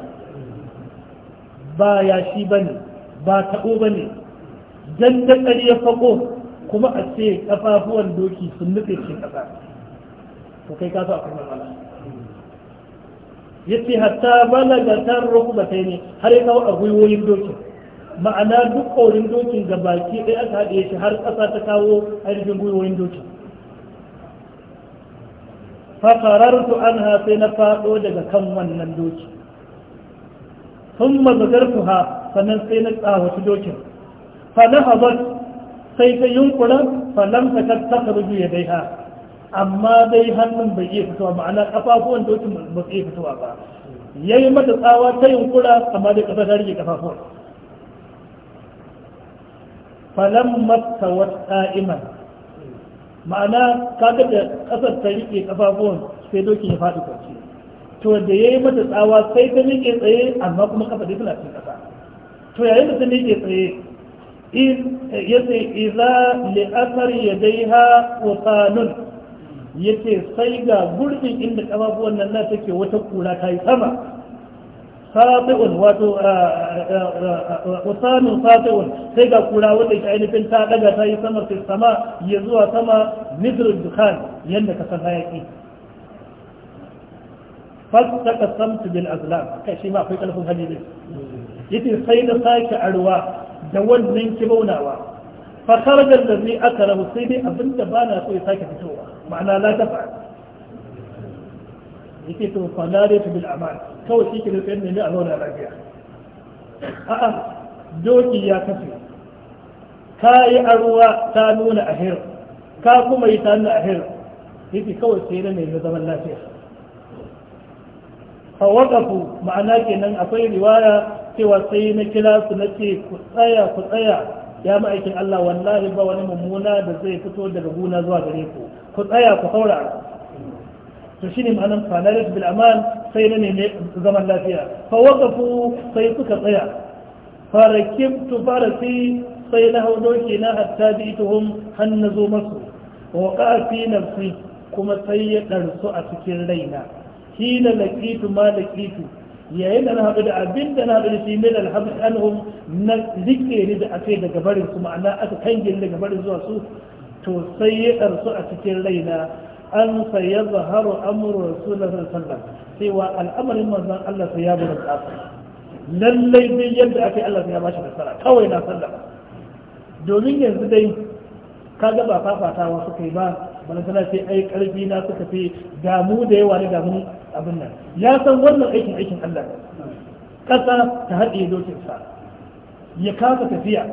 ba ya shi bane ba taɓo bane dandakar ya fako kuma a ce kafafuwan doki sun nufe ce kasa to kai ka kuma mala yace hatta balaga ne har ya kawo a gwiwoyin doki, ma'ana duk ƙorin doki ga baki ɗaya aka haɗe shi har ƙasa ta kawo ainihin gwiwoyin dokin fakararsu an sai na faɗo daga kan wannan doki sun mazagarsu ha sannan sai na tsawata dokin فنهضت سيف ينقل فلم تكد تخرج يديها أما ديها من بيئة فتوى معنى iya دوت ba, ya yi mata tsawa ta yunkura amma dai kasa ta rike kafafuwa falan mata wata iman ma'ana kaga da kasar ta rike kafafuwan sai doki ya faɗi kwanci to da yayi mata tsawa sai ta rike tsaye amma kuma kafa dai suna cin kasa to yayin da ta rike tsaye yace iza li athar yadayha wasanun yace sai ga gurbin inda kafafuwan nan na take wata kura ta yi sama sati'un wato wasanun sati'un sai ga kura wanda ke ainihin ta daga ta yi sama sai sama ya zuwa sama nidrul dukhan yanda ka san hayaki fastaka samtu bil azlam kai shi ma akwai kalfin hadisi yace sai na sake arwa da wannan ki maunawa fa kharaja alladhi akala musibi abinda bana so ya sake fitowa ma'ana la tafa yake to fadare ta bil amal kawai shike da tsayin ne a zauna lafiya a a doki ya kafe ka yi arwa ta nuna ahir ka kuma yi ta nuna ahir yake kawai sai na mai zaman lafiya a waƙafu ma'ana kenan akwai riwaya cewa sai na kira su na ce ku tsaya ku tsaya ya ma'aikin Allah wallahi ba wani mummuna da zai fito daga guna zuwa gare ku ku tsaya ku saurara to shine ma'anar fanarit bil aman sai na neme zaman lafiya fa waqafu sai suka tsaya farakibtu farasi sai na hau doki na hatta bi ituhum han nazo masu wa waqa fi nafsi kuma sai ya ɗarsu a cikin raina hina laqitu ma laqitu yayin da na haɗu da abin da na haɗu da shi min alhamdu anhum na zikiri da aka yi daga barin su ma'ana aka kangin daga barin zuwa su to sai ya ɗarsu a cikin raina an sai ya zaharu amuru rasulullahi sallallahu cewa al'amarin manzon Allah sai ya bura lallai dai yadda aka yi Allah sai ya bashi nasara kawai na sallah? domin yanzu dai kaga ba fafatawa wasu kai ba wani sana sai ai karfi na suka fi damu da yawa ne damu abin nan ya san wannan aikin aikin Allah ƙasa ta haɗe lokinsa ya kasa tafiya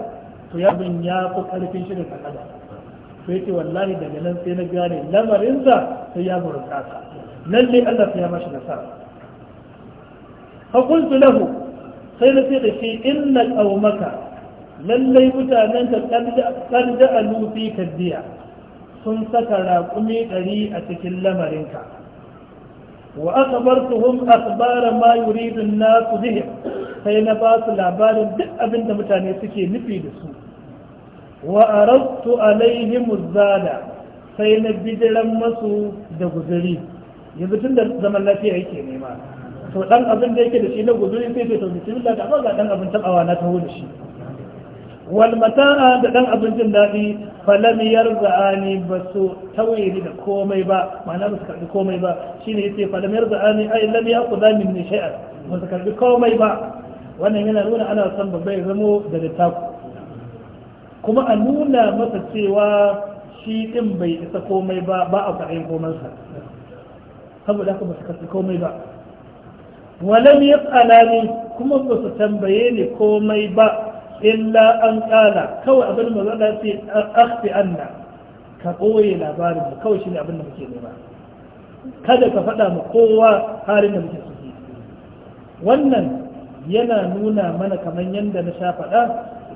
to ya bin ya fi ƙarfin shirin ɗan adam to yake wallahi daga nan sai na gane lamarinsa sai ya burin ƙasa Allah sai ya mashi nasara fa lahu sai na ce da shi inna qaumaka lallai mutanen ka kan da alufi kaddiya sun saka raƙumi ɗari a cikin lamarinka wa aka bar akhbartuhum akhbara ma yuridu na su sai na ba su labarin duk abin da mutane suke nufi da su wa a a alaihim zada sai na bidiran masu da guzuri yanzu tun da zaman lafiya yake nema to dan abin da yake da shi na guzuri sai sai da ba ga dan abin tabawa na taho da shi walmata'a da ɗan abincin daɗi falam yarza'ani ba su tauye ni da komai ba ma'ana ba su karɓi komai ba Shi ne shine yace falam yarza'ani ai lam yaqda minni shay'an ba su karɓi komai ba wannan yana nuna ana son babba ya zamo da littafi kuma a nuna masa cewa shi ɗin bai isa komai ba ba a faɗin komansa saboda haka ba su karɓi komai ba walam yas'alani kuma ba su tambaye ni komai ba illa an kala kawai abin da zan ce akhfi anna ka ɓoye labarin mu kawai shi ne abin da muke nema kada ka faɗa ma kowa halin da muke ciki wannan yana nuna mana kamar yadda na sha faɗa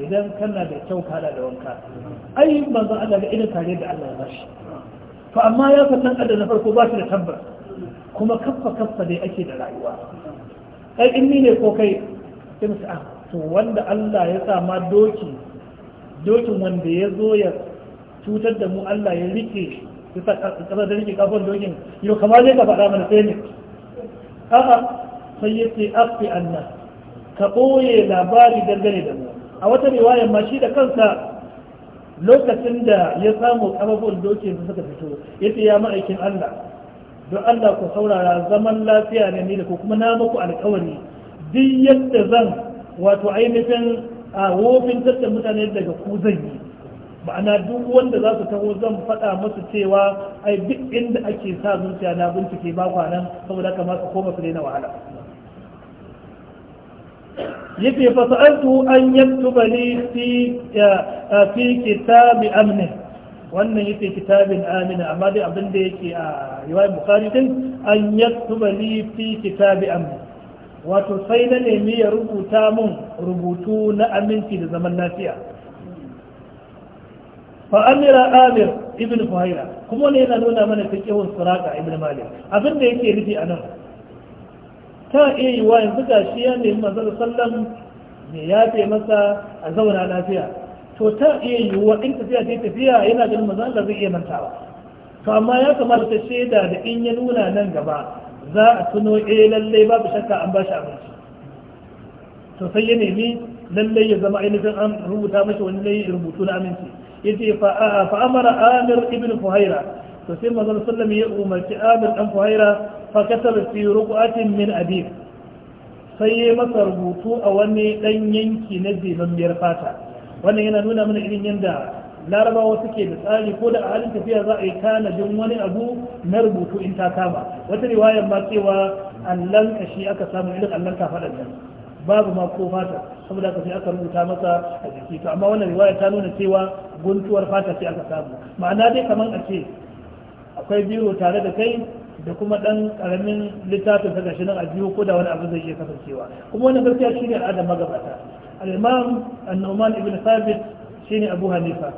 idan kana da kyau kada da wanka ai manzo Allah da irin tare da Allah ya shi. to amma ya san dan na farko ba shi da tabbas kuma kaffa kaffa dai ake da rayuwa kai in ni ne ko kai sai mu to wanda Allah ya sa ma doki dokin wanda ya zo ya cutar da mu Allah ya rike ya sa kasar da rike kafin dokin yau kama zai ka faɗa mana sai ne a'a sai ya ce afi annan. ka ɓoye labari dangane da mu a wata riwayar ma shi da kansa lokacin da ya samu kafafun dokin su suka fito ya ce ya ma'aikin Allah don Allah ku saurara zaman lafiya ne ni da ku kuma na muku alkawari duk yadda zan wato ainihin a wofin mutane daga ku zan yi ma'ana duk wanda za su taho zan faɗa musu cewa ai duk inda ake sa zuciya na bincike ba kwanan saboda kamar su koma su daina wahala yake fasa'antu an yaktuba li fi fi kitabi amni wannan yake kitabin amina amma dai abin da yake a riwayar bukhari din an yaktuba li fi kitabi amni wato sai na nemi ya rubuta mun rubutu na aminci da zaman lafiya fa amira amir ibn fuhaira kuma ne yana nuna mana fiqhun suraka ibn malik abin da yake rufi a nan ta iya yi wa yanzu ya nemi manzon sallam ya yafe masa a zauna lafiya to ta iya yi wa in tafiya ta tafiya yana ganin manzon Allah zai iya mantawa to amma ya kamata ta shaida da in ya nuna nan gaba za a tuno e lallai babu shakka an ba shi abinci to sai ya nemi lallai ya zama ainihin an rubuta mashi wani layi rubutu na aminci yace fa amara amir ibn fuhaira to sai manzon sallam ya umarci amir dan fuhaira fa kasar fi ruqatin min abib sai ya masa rubutu a wani dan yanki na zibin biyar fata wannan yana nuna mana irin yadda larabawa suke da tsari ko da a halin tafiya za a yi tanadin wani abu na rubutu in ta kama wata riwayar ma cewa allan kashi aka samu irin allan kafaɗar nan babu ma ko fata saboda haka sai aka rubuta masa a jiki to amma wannan riwaya ta nuna cewa guntuwar fata sai aka samu ma'ana dai kamar a ce akwai biro tare da kai da kuma dan karamin littafin ka gashi nan a biyu ko da wani abu zai iya kasancewa kuma wannan gaskiya ne al'adar magabata al-imam an-nu'man ibn thabit shine abu hanifa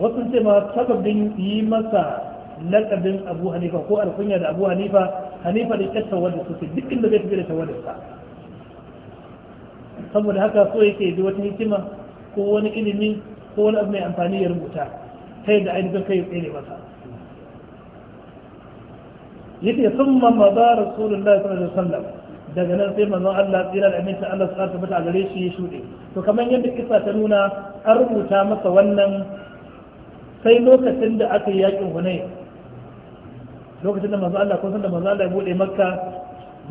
wasu ce ma sababin yi masa lakabin abu hanifa ko alkunya da abu hanifa hanifa da ita tawadda su duk inda zai tafi da tawadda sa saboda haka so yake da wata hikima ko wani ilimi ko wani abu mai amfani ya rubuta ta yadda ainihin kai tsere masa yake sun mamma za rasulullah sallallahu alaihi wasallam daga nan sai manzon Allah tsira da aminta Allah su ta bata a gare shi ya shuɗe to kamar yadda kisa ta nuna an rubuta masa wannan sai lokacin da aka yi yakin hunai lokacin da manzo Allah ko san da manzo Allah ya bude makka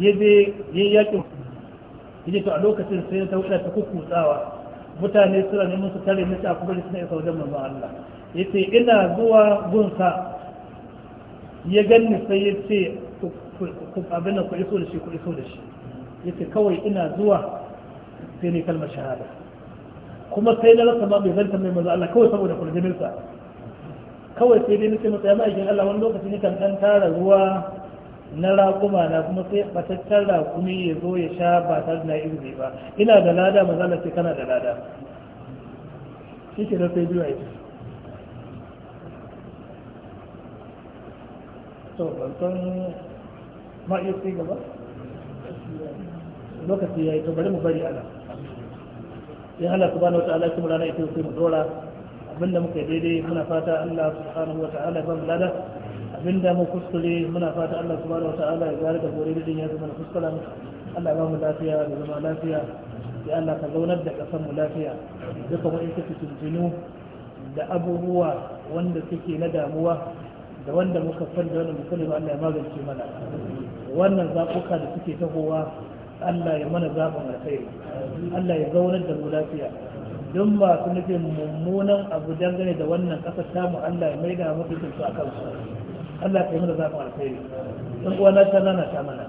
ya je ya yi yakin yaje to a lokacin sai ta wuce ta kukutsawa mutane suna neman su tare miki a kuma suna isa wajen manzo Allah yace ina zuwa gunsa ya ganni sai ya ce ku abin da ku iso da shi ku iso da shi yace kawai ina zuwa sai ne kalmar shahada kuma sai na rasa ma bai zanta mai manzo Allah kawai saboda kurjinin kawai sai dai nake masa ya ma'aikin Allah wani lokaci ne kan ɗan tara ruwa na raƙuma na kuma sai bataccen raƙumi ya zo ya sha ba tare na izini ba ina da lada ma na sai kana da lada shi ke sai biyu a yi to ban ma iya sai gaba lokaci ya yi to bari mu bari ana ya Allah subhanahu wa ta'ala kuma rana ita sai mu dora abinda muka daidai muna fata Allah subhanahu wata'ala ba mu abinda mu kuskure muna fata Allah subhanahu wata'ala ya gara da gore da ya zama kuskuren Allah ba mu lafiya da zama lafiya ya Allah ka zaunar da kasan mu lafiya duka wa'in suka tunjinu da abubuwa wanda suke na damuwa da wanda muka san da wanda muka ba Allah ya magance mana wannan zaɓuka da suke tahowa Allah ya mana zaɓin alkhairi Allah ya zaunar da mu lafiya don masu nufin mummunan abu dangane da wannan kasar tamu Allah ya mai da mafi su a kansu Allah ka yi mana zafin sun kuwa na sana na ta mana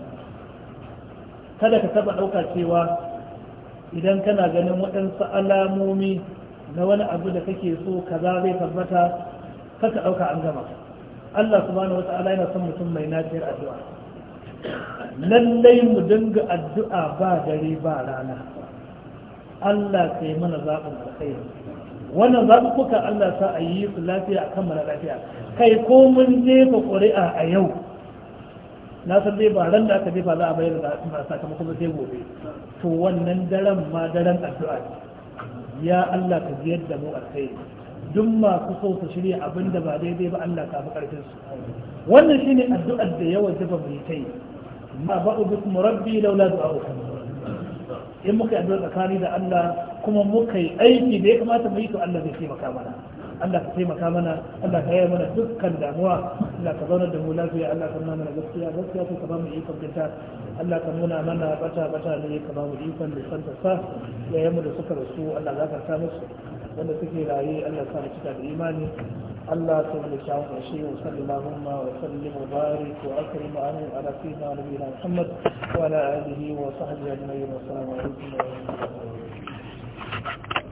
kada ka taɓa ɗauka cewa idan kana ganin waɗansu alamomi na wani abu da kake so kaza zai tabbata kaka ɗauka an gama Allah subhanahu wa yana son mutum mai nafiyar addu'a lallai mu dinga addu'a ba dare ba rana Allah ka yi mana zaɓin alkhairi wannan zaɓuɓɓuka Allah sa a yi su lafiya a kan mana lafiya kai ko mun jefa ƙuri'a a yau na san dai ba ran da aka jefa za a bayar da sakamakon ba sai gobe to wannan daren ma daren addu'a ya Allah ka ziyar da mu alkhairi duk masu so su shirya abin da ba daidai ba Allah ka fi ƙarfin su wannan shine addu'ar da yawa jaba mai kai ma ba'u bikum rabbi laula du'a'ukum in muka yi tsakani da Allah kuma muka yi aiki da ya kamata mu yi to Allah zai taimaka mana Allah ka taimaka mana Allah ka yi mana dukkan damuwa Allah ka zauna da mu lafiya Allah ka nuna mana gaskiya gaskiya ka ba mu ikon kinta Allah ka nuna mana bata bata ne ka ba mu ikon da santa sa yayin mu da suka rasu Allah za ka sa musu wanda suke raye Allah sa cika da imani Allah ta wani da shi wa sallallahu wa sallim wa barik wa akrim wa amin ala sayyidina nabiyina Muhammad wa ala alihi wa sahbihi ajma'in wa assalamu alaikum wa rahmatullahi wa barakatuh